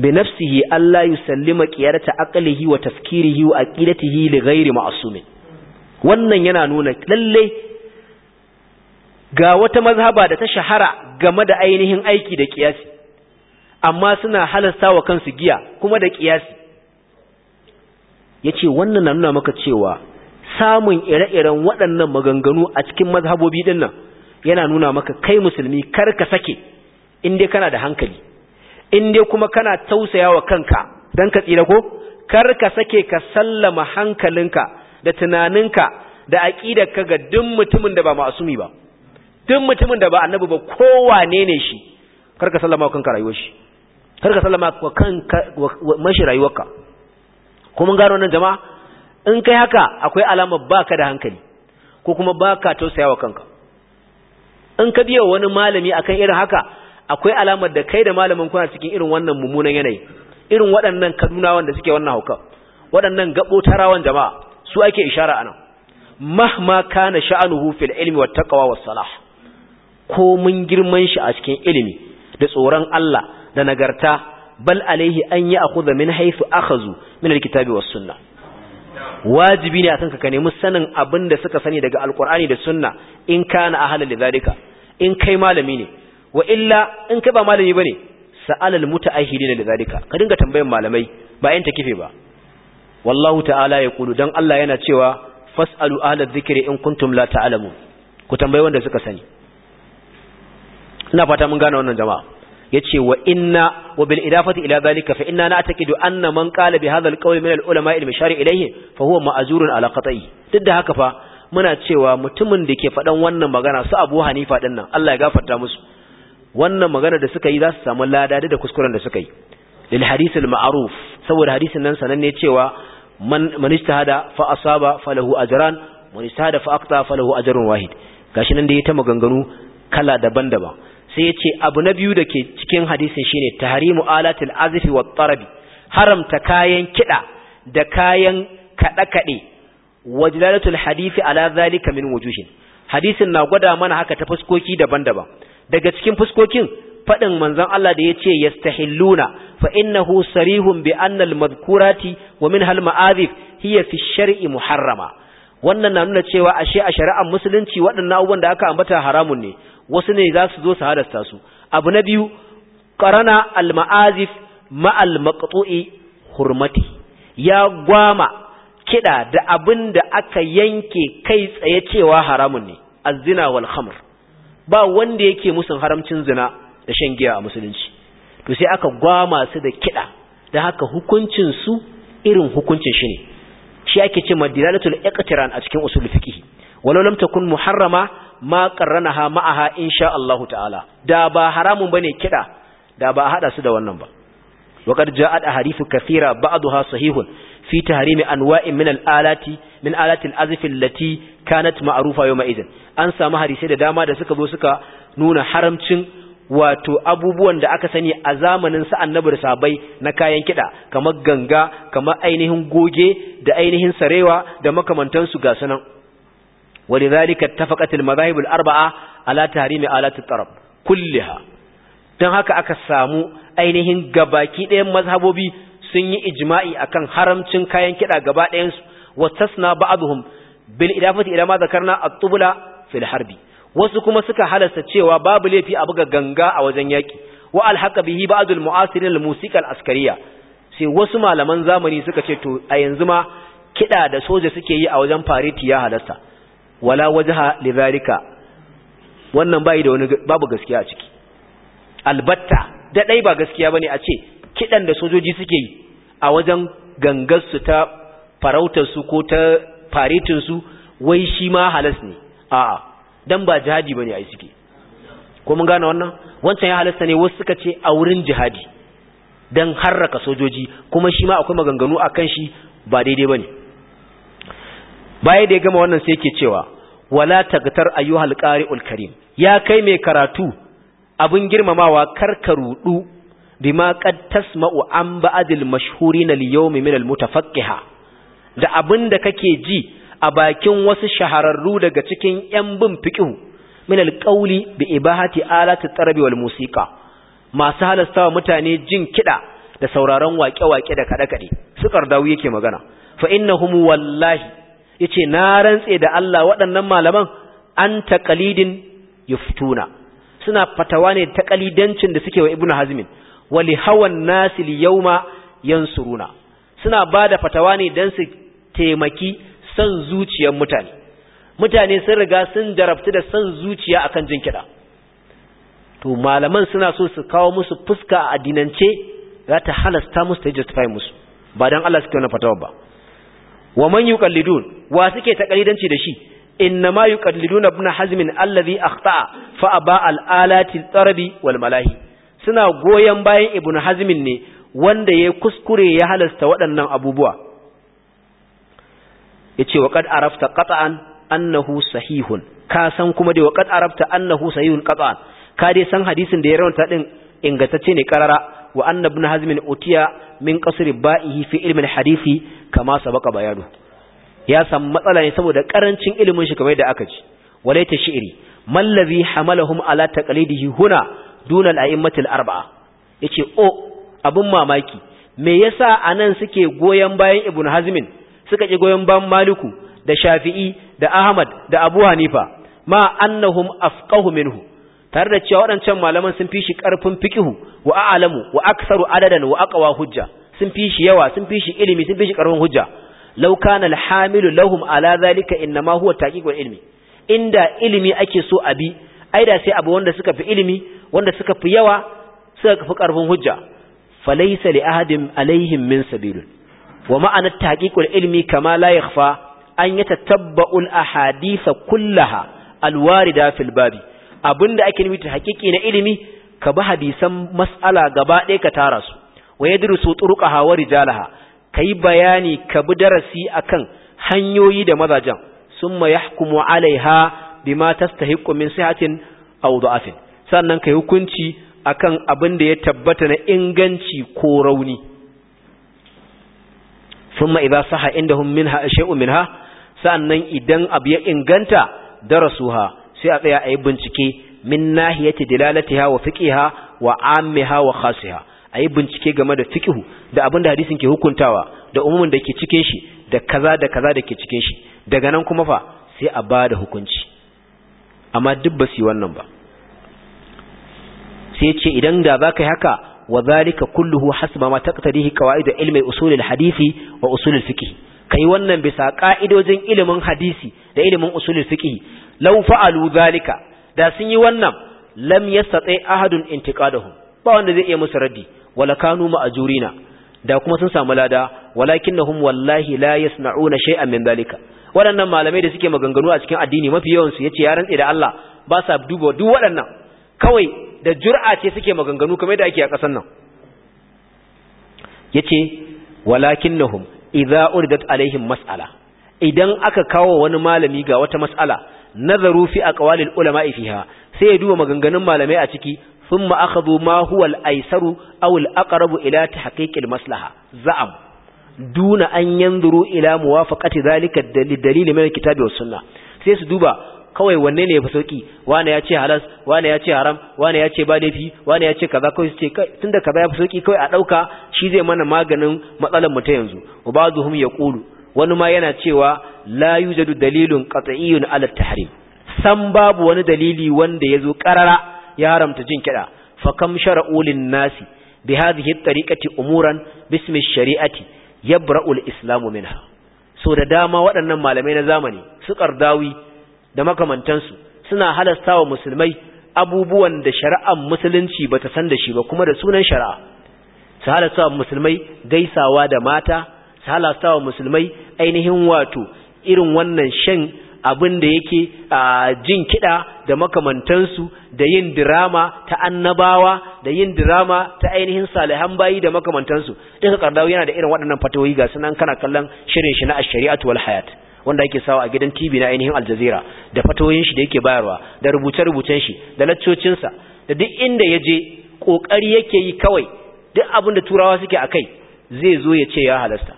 bi nafsihi Allah yusallima qiyarata aqlihi wa tafkirihi wa aqidatihi li ghairi ma'sumin wannan yana nuna lalle ga wata mazhaba da ta shahara game da ainihin aiki da kiyasi amma suna halasta wa kansu giya kuma da kiyasi yace wannan na nuna maka cewa samun ire-iren waɗannan maganganu a cikin mazhabobi dinnan yana nuna maka kai musulmi kar ka sake in dai kana da hankali in dai kuma kana tausaya wa kanka don ka tsira ko kar ka sake ka sallama hankalinka da tunaninka da aƙidarka ga duk mutumin da ba ma'asumi ba duk mutumin da ba annabi ba kowane ne shi kar ka sallama wa kanka rayuwar shi kar ka sallama wa kanka mashi rayuwarka ko mun gano nan jama'a in kai haka akwai alamar baka da hankali ko kuma baka tausaya wa kanka in ka biya wani malami akan irin haka akwai alamar da kai da malamin kuna cikin irin wannan mummunan yanayi irin waɗannan kaduna wanda suke wannan hauka waɗannan gaɓo gaɓotarawan jama'a su ake ishara anan mahma kana sha'anuhu fil ilmi wat taqwa wa salah ko mun girman shi a cikin ilimi da tsoron Allah da nagarta bal alaihi an yi akhudha min haythu akhazu min alkitabi was sunnah wajibi ne akan ka ka nemi sanin abin da suka sani daga alqur'ani da sunna in kana ahlal lidhalika in kai malami ne wa illa in kai ba malami bane sa'alal mutaahidina da zalika ka dinga tambayan malamai ba yan ta kife ba wallahu ta'ala ya kulu dan Allah yana cewa fas'alu ahla dhikri in kuntum la ta'lamun ku tambayi wanda suka sani ina fata mun gane wannan jama'a yace wa inna wa bil idafati ila zalika fa inna na'taqidu anna man qala bi hadha al qawl min al ulama al mashari ilayhi fa huwa ma'zurun ala tsayi. duk da haka fa muna cewa mutumin da ke faɗan wannan magana su Abu Hanifa dinnan Allah ya gafarta musu wannan magana da suka yi za su samu ladadi da kuskuren da suka yi lil hadisul ma'ruf saboda hadisin nan sananne cewa man ijtihada fa asaba falahu ajran man ijtihada fa aqta falahu ajrun wahid gashi nan da yayi ta maganganu kala daban-daban sai yace abu na biyu dake cikin hadisin shine tahrimu alatil azfi wa tarabi haramta kayan kida da kayan kada kaɗe wajlalatul hadisi ala zalika min wujuhin hadisin na gwada mana haka ta fuskoki daban-daban daga cikin fuskokin faɗin manzon Allah da ya ce yastahilluna fa innahu sarihun bi anna al-madhkurati wa min al-ma'azif hiya fi shar'i muharrama wannan na nuna cewa ashe a shari'ar musulunci waɗannan abubuwan da aka ambata haramun ne wasu ne za su zo su halasta su abu na biyu qarana al-ma'azif ma al-maqtu'i hurmati ya gwama kiɗa da abin da aka yanke kai tsaye cewa haramun ne azzina wal khamr ba wanda yake musun haramcin zina da shan giya a musulunci to sai aka gwama su da kiɗa da haka hukuncin su irin hukuncin shi ne shi ake ce dilalatul iqtiran a cikin usul fiqh walau lam takun muharrama ma qarranaha ma'aha insha Allah ta'ala da ba haramun bane kiɗa da ba a hada su da wannan ba ja'at جاءت kathira ba'daha Sahihun, fi tahrimi anwa'in min al alati min alatil azif lati kanat ma'arufa yau ma'izin an samu harisai da dama da suka zo suka nuna haramcin wato abubuwan da aka sani a zamanin sa annabi sabai na kayan kida kamar ganga kamar ainihin goge da ainihin sarewa da makamantansu ga sanan ولذلك اتفقت المذاهب arba'a على تحريم آلات الطرب kulliha don haka aka samu ainihin gabaki ɗayan mazhabobi sun yi ijma'i akan haramcin kayan kiɗa gaba ɗayansu wattasna ba'dhum bil idafati ila ma zakarna at-tubla wasu kuma suka halasta cewa babu laifi a buga ganga a wajen yaki wa alhaqa bihi ba'd muasirin al-musiqa askariya sai wasu malaman zamani suka ce to a yanzu ma kida da soja suke yi a wajen fariti ya halasta wala wajha lidhalika wannan bai da wani babu gaskiya a ciki albatta da dai ba gaskiya bane a ce kidan da sojoji suke yi a wajen gangar su ta Farautar su ko ta faretinsu wai shi ma halas ne a'a dan ba jihadi bane ai suke ko mun gane wannan wancan ya halasta ne wasu suka ce a wurin jihadi dan harraka sojoji kuma shi ma akwai maganganu akan shi ba daidai bane baya da ya gama wannan sai yake cewa wala tagtar ayyuhal qari'ul karim ya kai mai karatu abin girmamawa ka rudu bima qad tasma'u an ba'dil mashhurina liyawmi min al mutafaqqiha da abin da kake ji a bakin wasu shahararru daga cikin ‘yan bin fiƙihu min alƙauli bi ibahati alati tsarabi wal musika masu halasta wa mutane jin kiɗa da sauraron waƙe-waƙe da kaɗe-kaɗe su ƙardawu yake magana fa innahum wallahi yace na rantse da Allah waɗannan malaman an taqalidin yuftuna suna fatawa ne ta kalidancin da suke wa ibnu hazmin wali hawan nasil yawma yansuruna suna bada fatawa ne dan su taimaki son zuciyar mutane mutane sun riga sun jarabtu da son zuciya akan jin kiɗa to malaman suna so su kawo musu fuska a addinance za ta halasta musu ta justify musu ba dan Allah suke wannan fatawa ba wa man yuqallidun wa suke takalidanci da shi ma yuqalliduna ibn hazm allazi akhta fa aba al-alati tarbi wal malahi suna goyen bayan ibn hazm ne wanda ya kuskure ya halasta waɗannan abubuwa yace wa qad arafta qat'an annahu sahihun ka san kuma dai wa arafta annahu sahihun qat'an ka dai san hadisin da ya rawanta din ingantacce ne karara wa anna ibn hazm utiya min qasr ba'ihi fi ilmi hadisi kama sabaka bayanu ya san matsala ne saboda karancin ilimin shi kamar da aka ci walaita shi'ri mallazi hamalahum ala taqlidihi huna dunal a'immatil arba'a yace o oh, abun mamaki me yasa anan suke goyen bayan ibn hazmin suka ƙi goyon ban maliku da shafi'i da ahmad da abu hanifa ma annahum afqahu minhu tare da cewa waɗancan malaman sun fi shi ƙarfin fiqihu wa a'lamu wa aksaru adadan wa aqwa hujja sun fi shi yawa sun fi shi ilimi sun fi shi ƙarfin hujja law kana alhamilu lahum ala zalika ma huwa taqiqul ilmi inda ilimi ake so abi ai da sai abu wanda suka fi ilimi wanda suka fi yawa suka fi ƙarfin hujja falaysa li ahadin alaihim min sabilun wa ma'anar taqiqul ilmi kama la yakhfa an yatatabba'u a hadisa kullaha al da fil babi abinda ake nufi haƙiƙi na ilimi ka bi hadisan mas'ala gaba ɗaya ka tara su wa yadrusu turuqaha wa rijalaha yi bayani ka bi darasi akan hanyoyi da mazajan ya yahkumu alaiha bima tastahiqqu min sihatin aw da'afin sannan yi hukunci akan abin da ya tabbata na inganci ko rauni thumma idza saha indahum minha shay'un minha sa'annan idan abu ya inganta darasuha sai a tsaya ayi bincike min nahiyati dilalatiha wa fiqiha wa ammiha wa khasiha ayi bincike game da fikihu da abinda hadisin ke hukuntawa da umumin da ke cikin shi da kaza da kaza da ke cikin shi daga nan kuma fa sai a bada hukunci amma duk ba su yi wannan ba sai ce idan da za ka yi haka وذلك كله حسب ما تقتضيه قواعد علم أصول الحديث وأصول الفقه kai wannan bisa ka'idojin ilimin hadisi da ilimin usulul fiqh law fa'alu da sun yi wannan lam yastati ahadun intiqadahum ba wanda zai iya musu raddi wala kanu na. da kuma sun samu lada walakinnahum wallahi la yasna'una shay'an min zalika waɗannan malamai da suke maganganu a cikin addini mafi yawan su yace ya rantse da Allah ba sa duba duk waɗannan kawai da jur'a ce suke maganganu kamar da ake a ƙasan nan ce walakinnahum idza uridat alaihim mas'ala idan aka kawo wani malami ga wata mas'ala nazaru fi aqwalil ulama fiha sai ya duba maganganun malamai a ciki thumma akhadhu ma huwa al-aysaru aw al-aqrabu ila tahqiqil maslaha za'am duna an yanzuru ila muwafaqati dhalika dalil min al-kitabi was sunnah sai su duba kawai wanne ne ya fi sauki wane ya ce halas wane ya ce haram wane ya ce ba laifi wane ya ce kaza kawai su ce tunda kaza ya fi sauki kawai a ɗauka shi zai mana maganin matsalar mu ta yanzu wa ya yaqulu wani ma yana cewa la yujadu dalilun qat'iyyun ala tahrim san babu wani dalili wanda ya zo karara ya haramta jin kida fa kam shar'u lin nasi bi hadhihi tariqati umuran bismi shariati yabra'ul al-islamu minha so da dama waɗannan malamai na zamani su kardawi da makamantansu suna halasta wa musulmai abubuwan da shari'ar musulunci ba ta san da shi ba kuma da sunan shari'a su halasta wa musulmai gaisawa da mata su halasta wa musulmai ainihin wato irin wannan shan abin da yake jin kiɗa da makamantansu da yin dirama ta annabawa da yin dirama ta ainihin salihan bayi da makamantansu duka kardawo yana da irin waɗannan fatawoyi ga sunan kana kallon shirin shi na ashari'atu wal hayat wanda yake sawa a gidan TV na ainihin Al Jazeera da fatoyin shi da yake bayarwa da rubuce-rubucen shi da laccocin sa da duk inda ya yaje kokari yake yi kawai duk abin da turawa suke akai zai zo ya ce ya halasta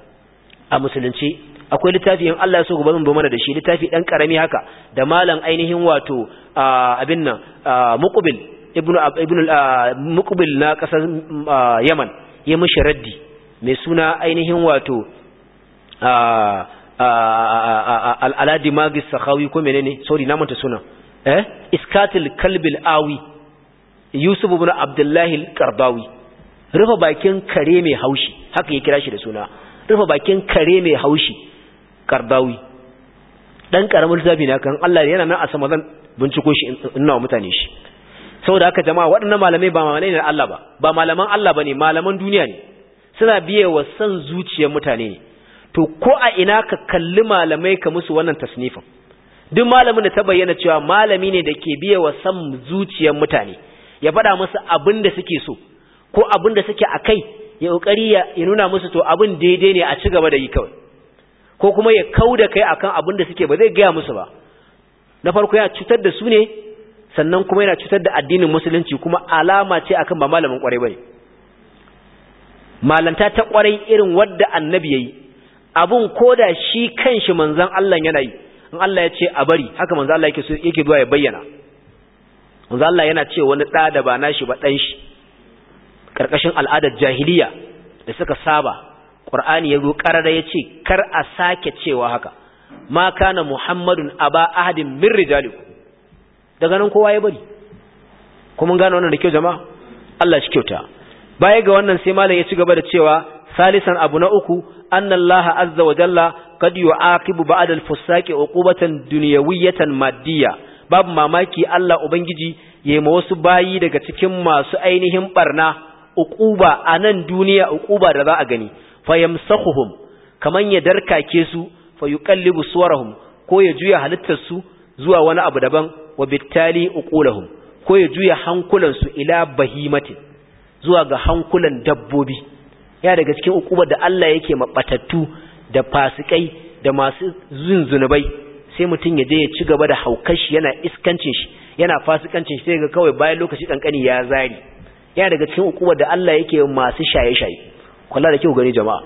a musulunci akwai littafi in Allah ya so gobe mun da shi littafi dan karami haka da malam ainihin wato abin nan muqbil ibnu ibnu muqbil na kasar Yaman ya mishi raddi mai suna ainihin wato al'aladi magis sahawi ko menene sorry na manta suna eh iskatil kalbil awi yusuf ibn abdullahi al-qardawi rufe bakin kare mai haushi haka ya kira shi da suna rufe bakin kare mai haushi qardawi dan karamin zabi na kan Allah yana nan a sama zan binciko shi ina mutane shi saboda haka jama'a waɗannan malamai ba malamai ne Allah ba ba malaman Allah bane malaman duniya ne suna biye wa san zuciyar mutane ne to ko a ina ka kalli malamai ka musu wannan tasnifin duk malamin da ta bayyana cewa malami ne da ke biya wa san zuciyar mutane ya faɗa musu abin da suke so ko abin da suke a kai ya ƙoƙari ya nuna musu to abin daidai ne a ci gaba da yi kawai ko kuma ya kau da kai akan abin da suke ba zai gaya musu ba na farko yana cutar da su ne sannan kuma yana cutar da addinin musulunci kuma alama ce akan ba malamin kwarai ne. malanta ta kwarai irin wadda annabi ya yi. abun koda shi kanshi manzon Allah yana yi in Allah ya ce a bari haka manzon Allah yake yake zuwa ya bayyana manzon Allah yana ce wani da da ba nashi ba dan shi karkashin al'adar jahiliya da suka saba Qur'ani ya zo karara ya ce kar a sake cewa haka ma kana Muhammadun aba ahadin min rijalikum daga nan kowa ya bari kuma gane wannan da kyau jama'a Allah shi kyauta baya ga wannan sai malam ya ci gaba da cewa salisan abu na uku annallaha azza wa jalla kad yu'aqibu ba'd al-fusaqi uqubatan dunyawiyatan maddiya babu mamaki Allah ubangiji yayi ma wasu bayi daga cikin masu ainihin barna uquba anan duniya uquba da za a gani fayamsahuhum kaman ya darkake su fayuqallibu suwarahum ko ya juya halittar su zuwa wani abu daban wa bittali uqulahum ko ya juya hankulansu ila bahimati zuwa ga hankulan dabbobi ya daga cikin ukubar da Allah yake mabatattu da fasikai da masu zunzunubai sai mutum ya je ya ci gaba da haukar shi yana iskancin shi yana fasikancin shi sai ga kawai bayan lokaci kankani ya zari ya daga cikin ukubar da Allah yake masu shaye-shaye kula da kyau gani jama'a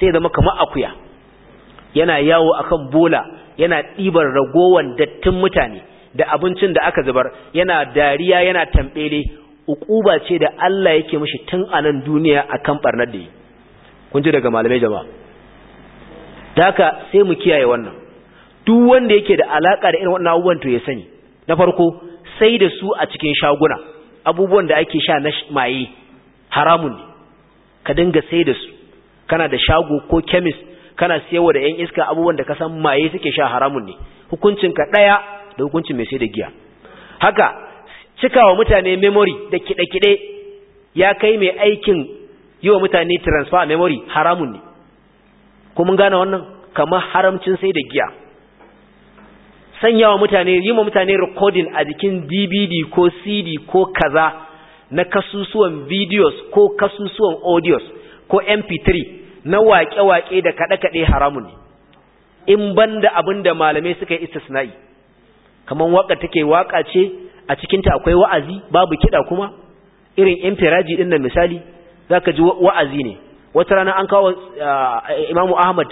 sai ya zama kamar akuya yana yawo akan bola yana ɗiban ragowan dattin mutane da abincin da aka zubar yana dariya yana tambele ukuba ce da Allah yake mishi tun anan duniya akan barnar da yi kun ji daga malamai jama'a daka sai mu kiyaye wannan duk wanda yake da alaka da irin wannan abubuwan to ya sani na farko sai da su a cikin shaguna abubuwan da ake sha na maye haramun ne ka dinga sai da su kana da shago ko chemist kana siyarwa da yan iska abubuwan da ka san maye suke sha haramun ne hukuncin ka daya da hukuncin mai sai da giya haka cikawa mutane memory da kide kiɗe ya kai mai aikin yi wa mutane transfer memory haramun ne Kuma mun gane wannan kamar haramcin sai da giya sanya wa mutane yi wa mutane recording a jikin dvd ko cd ko kaza na kasusuwan videos ko kasusuwan audios ko mp3 na waƙe-waƙe da kaɗe-kaɗe haramun ne in ban da abin da malamai suka yi istisna'i kamar waƙa take waƙa ce a cikinta akwai wa'azi babu kiɗa kuma irin firaji ɗin nan misali Za ka ji wa'azi ne wata rana an kawo eh, imamu Ahmad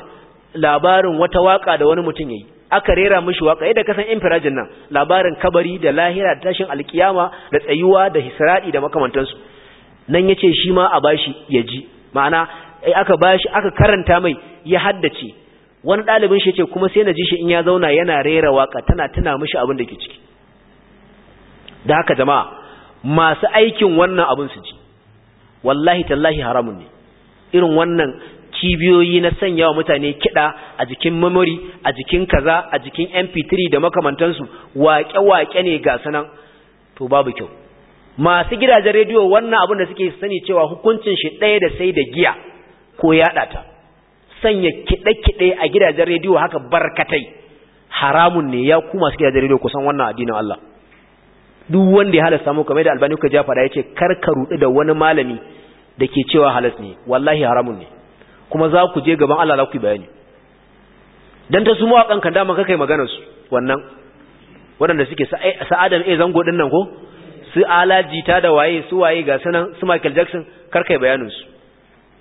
labarin wata waka da wani mutum ya yi. aka rera mashi waka yadda kasan infirajin nan labarin kabari da lahira da tashin alkiyama da tsayuwa da hisraɗi da makamantansu nan ya ce shi ma a bashi ya ji ma'ana eh, aka bashi aka karanta mai ya haddace wani ɗalibin shi ce kuma sai na ji shi in ya zauna yana rera waka tana tuna mashi abin da ke ciki da haka jama'a masu aikin wannan abin su ji wallahi tallahi haramun ne irin wannan kibiyoyi na sanya wa mutane kiɗa a jikin memory a jikin kaza a jikin mp3 da makamantansu waƙe-waƙe ne ga sanan to babu kyau masu gidajen rediyo wannan abin da suke sani cewa hukuncin shi ɗaya da sai da giya ko yaɗa ta sanya kiɗe-kiɗe a gidajen rediyo haka barkatai haramun ne ya ku masu gidajen rediyo kusan wannan addinin Allah duk wanda ya halasta mu kamar da albani kuka ja fada yace kar ka rudu da wani malami da ke cewa halas ne wallahi haramun ne kuma za ku je gaban Allah za ku bayani dan ta su mawakan kan dama kai maganar su wannan waɗanda suke sa'adan eh, a zango din nan ko su alaji ta da waye su waye ga sanan su Michael Jackson kar kai bayanin su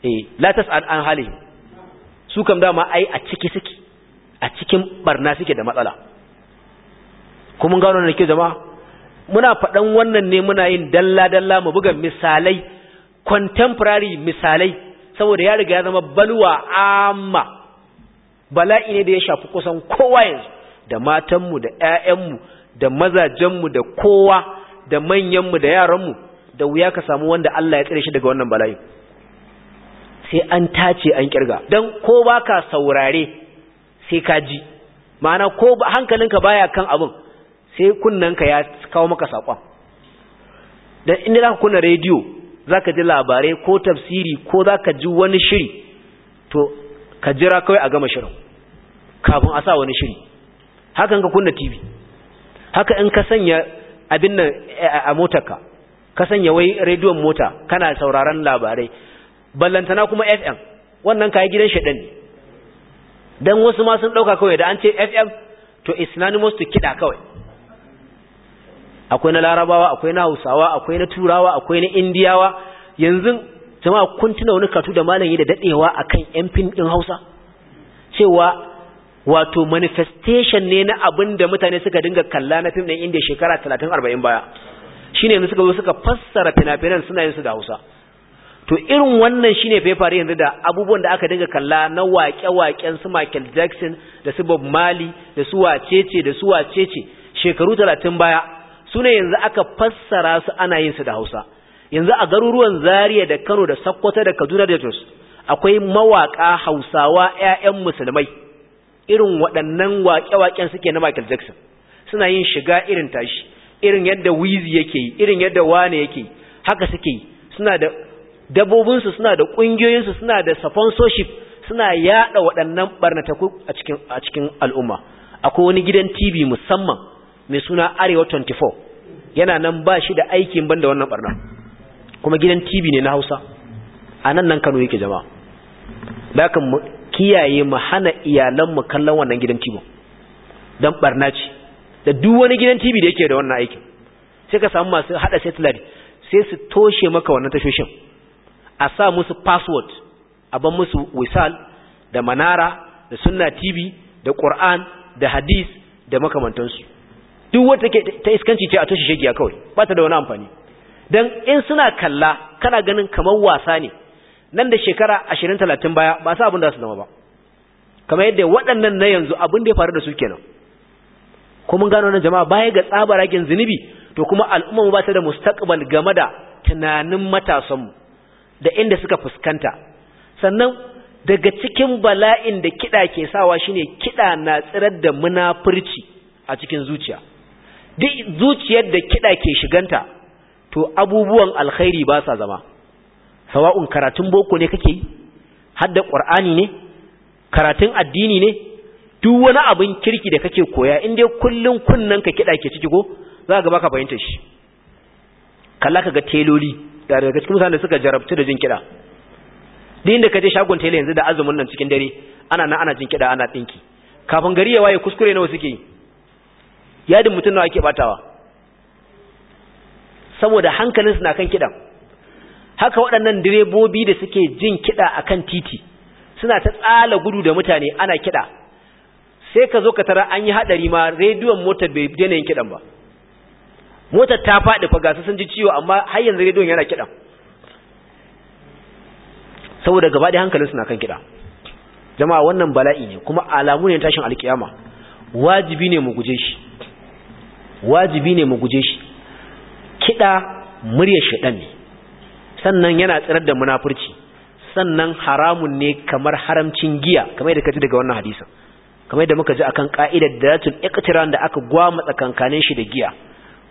eh la tas'al an hali su kam dama ai a ciki suke a cikin barna suke da matsala kuma gano ne ke jama'a muna faɗan wannan ne muna yin dalla-dalla mu buga misalai contemporary misalai saboda ya riga ya zama balwa amma bala'i ne da ya shafi kusan kowa yanzu da matanmu da 'ya'yanmu da mazajenmu da kowa da manyanmu da yaranmu da wuya ka samu wanda Allah ya tsire shi daga wannan bala'i sai an tace an kirga Dan ko ba ka saurare sai ka ji ma'ana ko hankalinka baya kan abin sai ka ya kawo maka sakon dan inda zaka kunna radio zaka ji labarai ko tafsiri ko zaka ji wani shiri to ka jira kawai a gama shirin kafin a sa wani shiri hakan ka kunna TV haka in ka sanya abin nan eh, a motarka ka sanya wai rediyon mota kana sauraron labarai ballantana kuma FM wannan kai gidan shedan ne dan wasu ma sun ɗauka kawai da an ce FM to is synonymous to kida kawai akwai na larabawa akwai na hausawa akwai na turawa akwai na indiyawa yanzu jama'a kun tuna wani katu da malam yi da dadewa akan yan fim din hausa cewa wato manifestation ne na abin da mutane suka dinga kalla na fim din indiya shekara 30 40 baya shine yanzu suka zo suka fassara fina-finan suna yin su da hausa to irin wannan shine faru yanzu da abubuwan da aka dinga kalla na waƙe-waƙen su Michael Jackson da su Bob Marley da su wacece da su wacece shekaru 30 baya sune yanzu aka fassara su ana yin su da Hausa yanzu a garuruwan Zaria da Kano da Sokoto da Kaduna da Jos akwai mawaka Hausawa ƴaƴan musulmai irin waɗannan waƙe-waƙen suke na Michael Jackson suna yin shiga irin tashi irin yadda Wizzy yake yi irin yadda Wane yake yi haka suke yi suna da su suna da ƙungiyoyinsu suna da sponsorship suna yada waɗannan barnataku a cikin al'umma akwai wani gidan TV musamman mai suna arewa 24 yana nan ba shi da aikin banda wannan barna kuma gidan tv ne na hausa a nan nan kano yake zama da kan kiyaye mu hana iyalanmu kallon wannan gidan tv don barna ce da duk wani gidan tv da yake da wannan aikin sai ka samu masu hada satellite sai su toshe maka wannan tashoshin a sa musu password a ban musu wisal da manara da sunna tv da qur'an da hadis da makamantansu duk wata ta iskanci ce a toshe shegiya kawai ba ta da wani amfani dan in suna kalla kana ganin kamar wasa ne nan da shekara 20 30 baya ba sa abin da su zama ba kamar yadda waɗannan na yanzu abin da ya faru da su kenan ko mun gano na jama'a baya ga tsabaragen zunubi to kuma al'umma ba ta da mustaqbal game da tunanin matasan mu da inda suka fuskanta sannan daga cikin bala'in da kiɗa ke sawa shine kiɗa na tsirar da munafurci a cikin zuciya duk zuciyar da kiɗa ke shiganta to abubuwan alkhairi ba sa zama sawa'un karatun boko ne kake yi hadda qur'ani ne karatun addini ne duk wani abin kirki da kake koya in dai kullun kunnen ka kiɗa ke ciki ko za ga baka fahimta shi kalla ka ga teloli da daga cikin mutanen da suka jarabtu da jin kiɗa duk inda ka je shagon tele yanzu da azumin nan cikin dare ana nan ana jin kiɗa ana ɗinki. kafin gari ya waye kuskure nawa suke yi yadin mutum nawa ake batawa saboda hankalinsu na kan kidan haka waɗannan direbobi da suke jin kida akan titi suna ta tsala gudu da mutane ana kida sai ka zo ka tara an yi hadari ma rediyon motar bai daina yin kidan ba motar ta faɗi fa gasu sun ji ciwo amma har yanzu rediyon yana kidan saboda gaba da hankalin suna kan kida jama'a wannan bala'i ne kuma alamu ne tashin alkiyama wajibi ne mu guje shi wajibi ne mu guje shi kiɗa muryar shaɗan ne sannan yana tsirar da munafurci sannan haramun ne kamar haramcin giya kamar yadda kaji daga wannan hadisin kamar yadda muka ji akan ka'idar zatul iqtiran da aka gwama tsakankanin shi da giya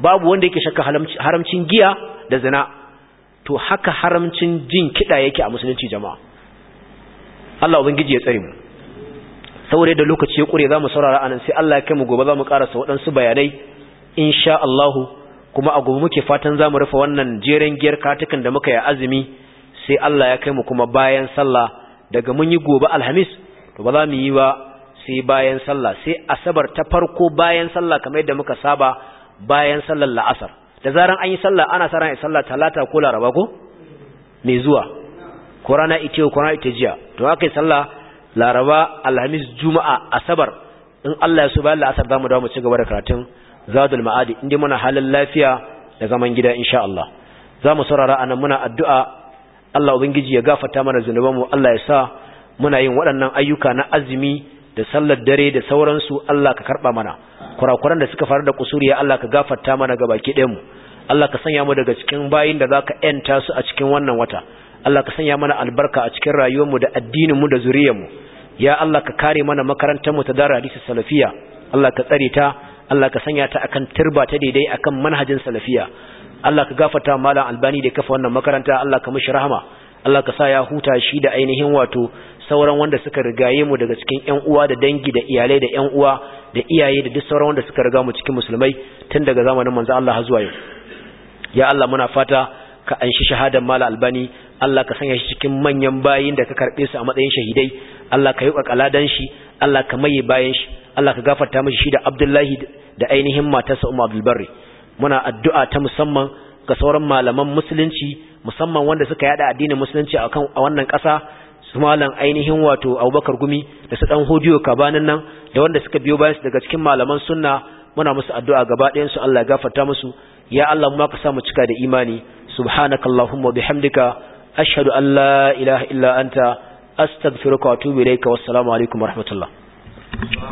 babu wanda yake shakka haramcin giya da zina to haka haramcin jin kiɗa yake a musulunci jama'a Allah ubangiji ya tsare mu saboda da lokaci ya kure zamu saurara anan sai Allah ya kai mu gobe zamu karasa waɗansu bayanai insha Allahu kuma a gobe muke fatan zamu rufe wannan jeren giyar katukan da muka yi azumi sai Allah ya kai mu kuma bayan sallah daga mun yi gobe alhamis to ba za mu yi ba sai bayan sallah sai asabar ta farko bayan sallah kamar yadda muka saba bayan sallar la'asar da zaran an yi sallah ana sa ran sallah talata ko laraba ko mai zuwa ko rana ita ko rana ita jiya to haka sallah laraba alhamis juma'a asabar in Allah ya so bayan la'asar zamu dawo mu ci gaba da karatun zadul ma'adi inda muna halin lafiya da zaman gida insha Allah za mu saurara nan muna addu'a Allah ubangiji ya gafata mana zunubanmu Allah ya sa muna yin waɗannan ayyuka na azumi da sallar dare da sauransu Allah ka karɓa mana kurakuran da suka faru da kusuriya Allah ka gafarta mana ga baki ɗayanmu Allah ka sanya mu daga cikin bayin da za ka yanta su a cikin wannan wata Allah ka sanya mana albarka a cikin rayuwar mu da addinin mu da mu. ya Allah ka kare mana makarantar mu ta dara hadisi salafiya Allah ka tsare ta Allah ka sanya ta akan turba ta daidai akan manhajin salafiya Allah ka gafarta malam albani da kafa wannan makaranta Allah ka mishi rahama Allah ka sa ya huta shi da ainihin wato sauran wanda suka rigaye mu daga cikin ƴan uwa da dangi da iyalai da ƴan uwa da iyaye da duk sauran wanda suka riga mu cikin musulmai tun daga zamanin manzo Allah zuwa yau ya Allah muna fata ka anshi shahadan malam albani Allah ka sanya shi cikin manyan bayin da ka karbe su a matsayin shahidai Allah ka yi dan shi Allah ka maye bayan shi Allah ka gafarta mishi shi da Abdullahi da ainihin matarsa Ummu Abdul muna addu'a ta musamman ga sauran malaman musulunci musamman wanda suka yada addinin musulunci akan a wannan ƙasa su malam ainihin wato Abubakar Gumi da su dan Hodiyo Kabanan nan da wanda suka biyo bayan su daga cikin malaman sunna muna musu addu'a gaba ɗayan su Allah ya gafarta musu ya Allah mu ka sa mu cika da imani subhanakallahumma bihamdika ashhadu an la ilaha illa anta astaghfiruka wa atubu ilayka wassalamu alaikum warahmatullahi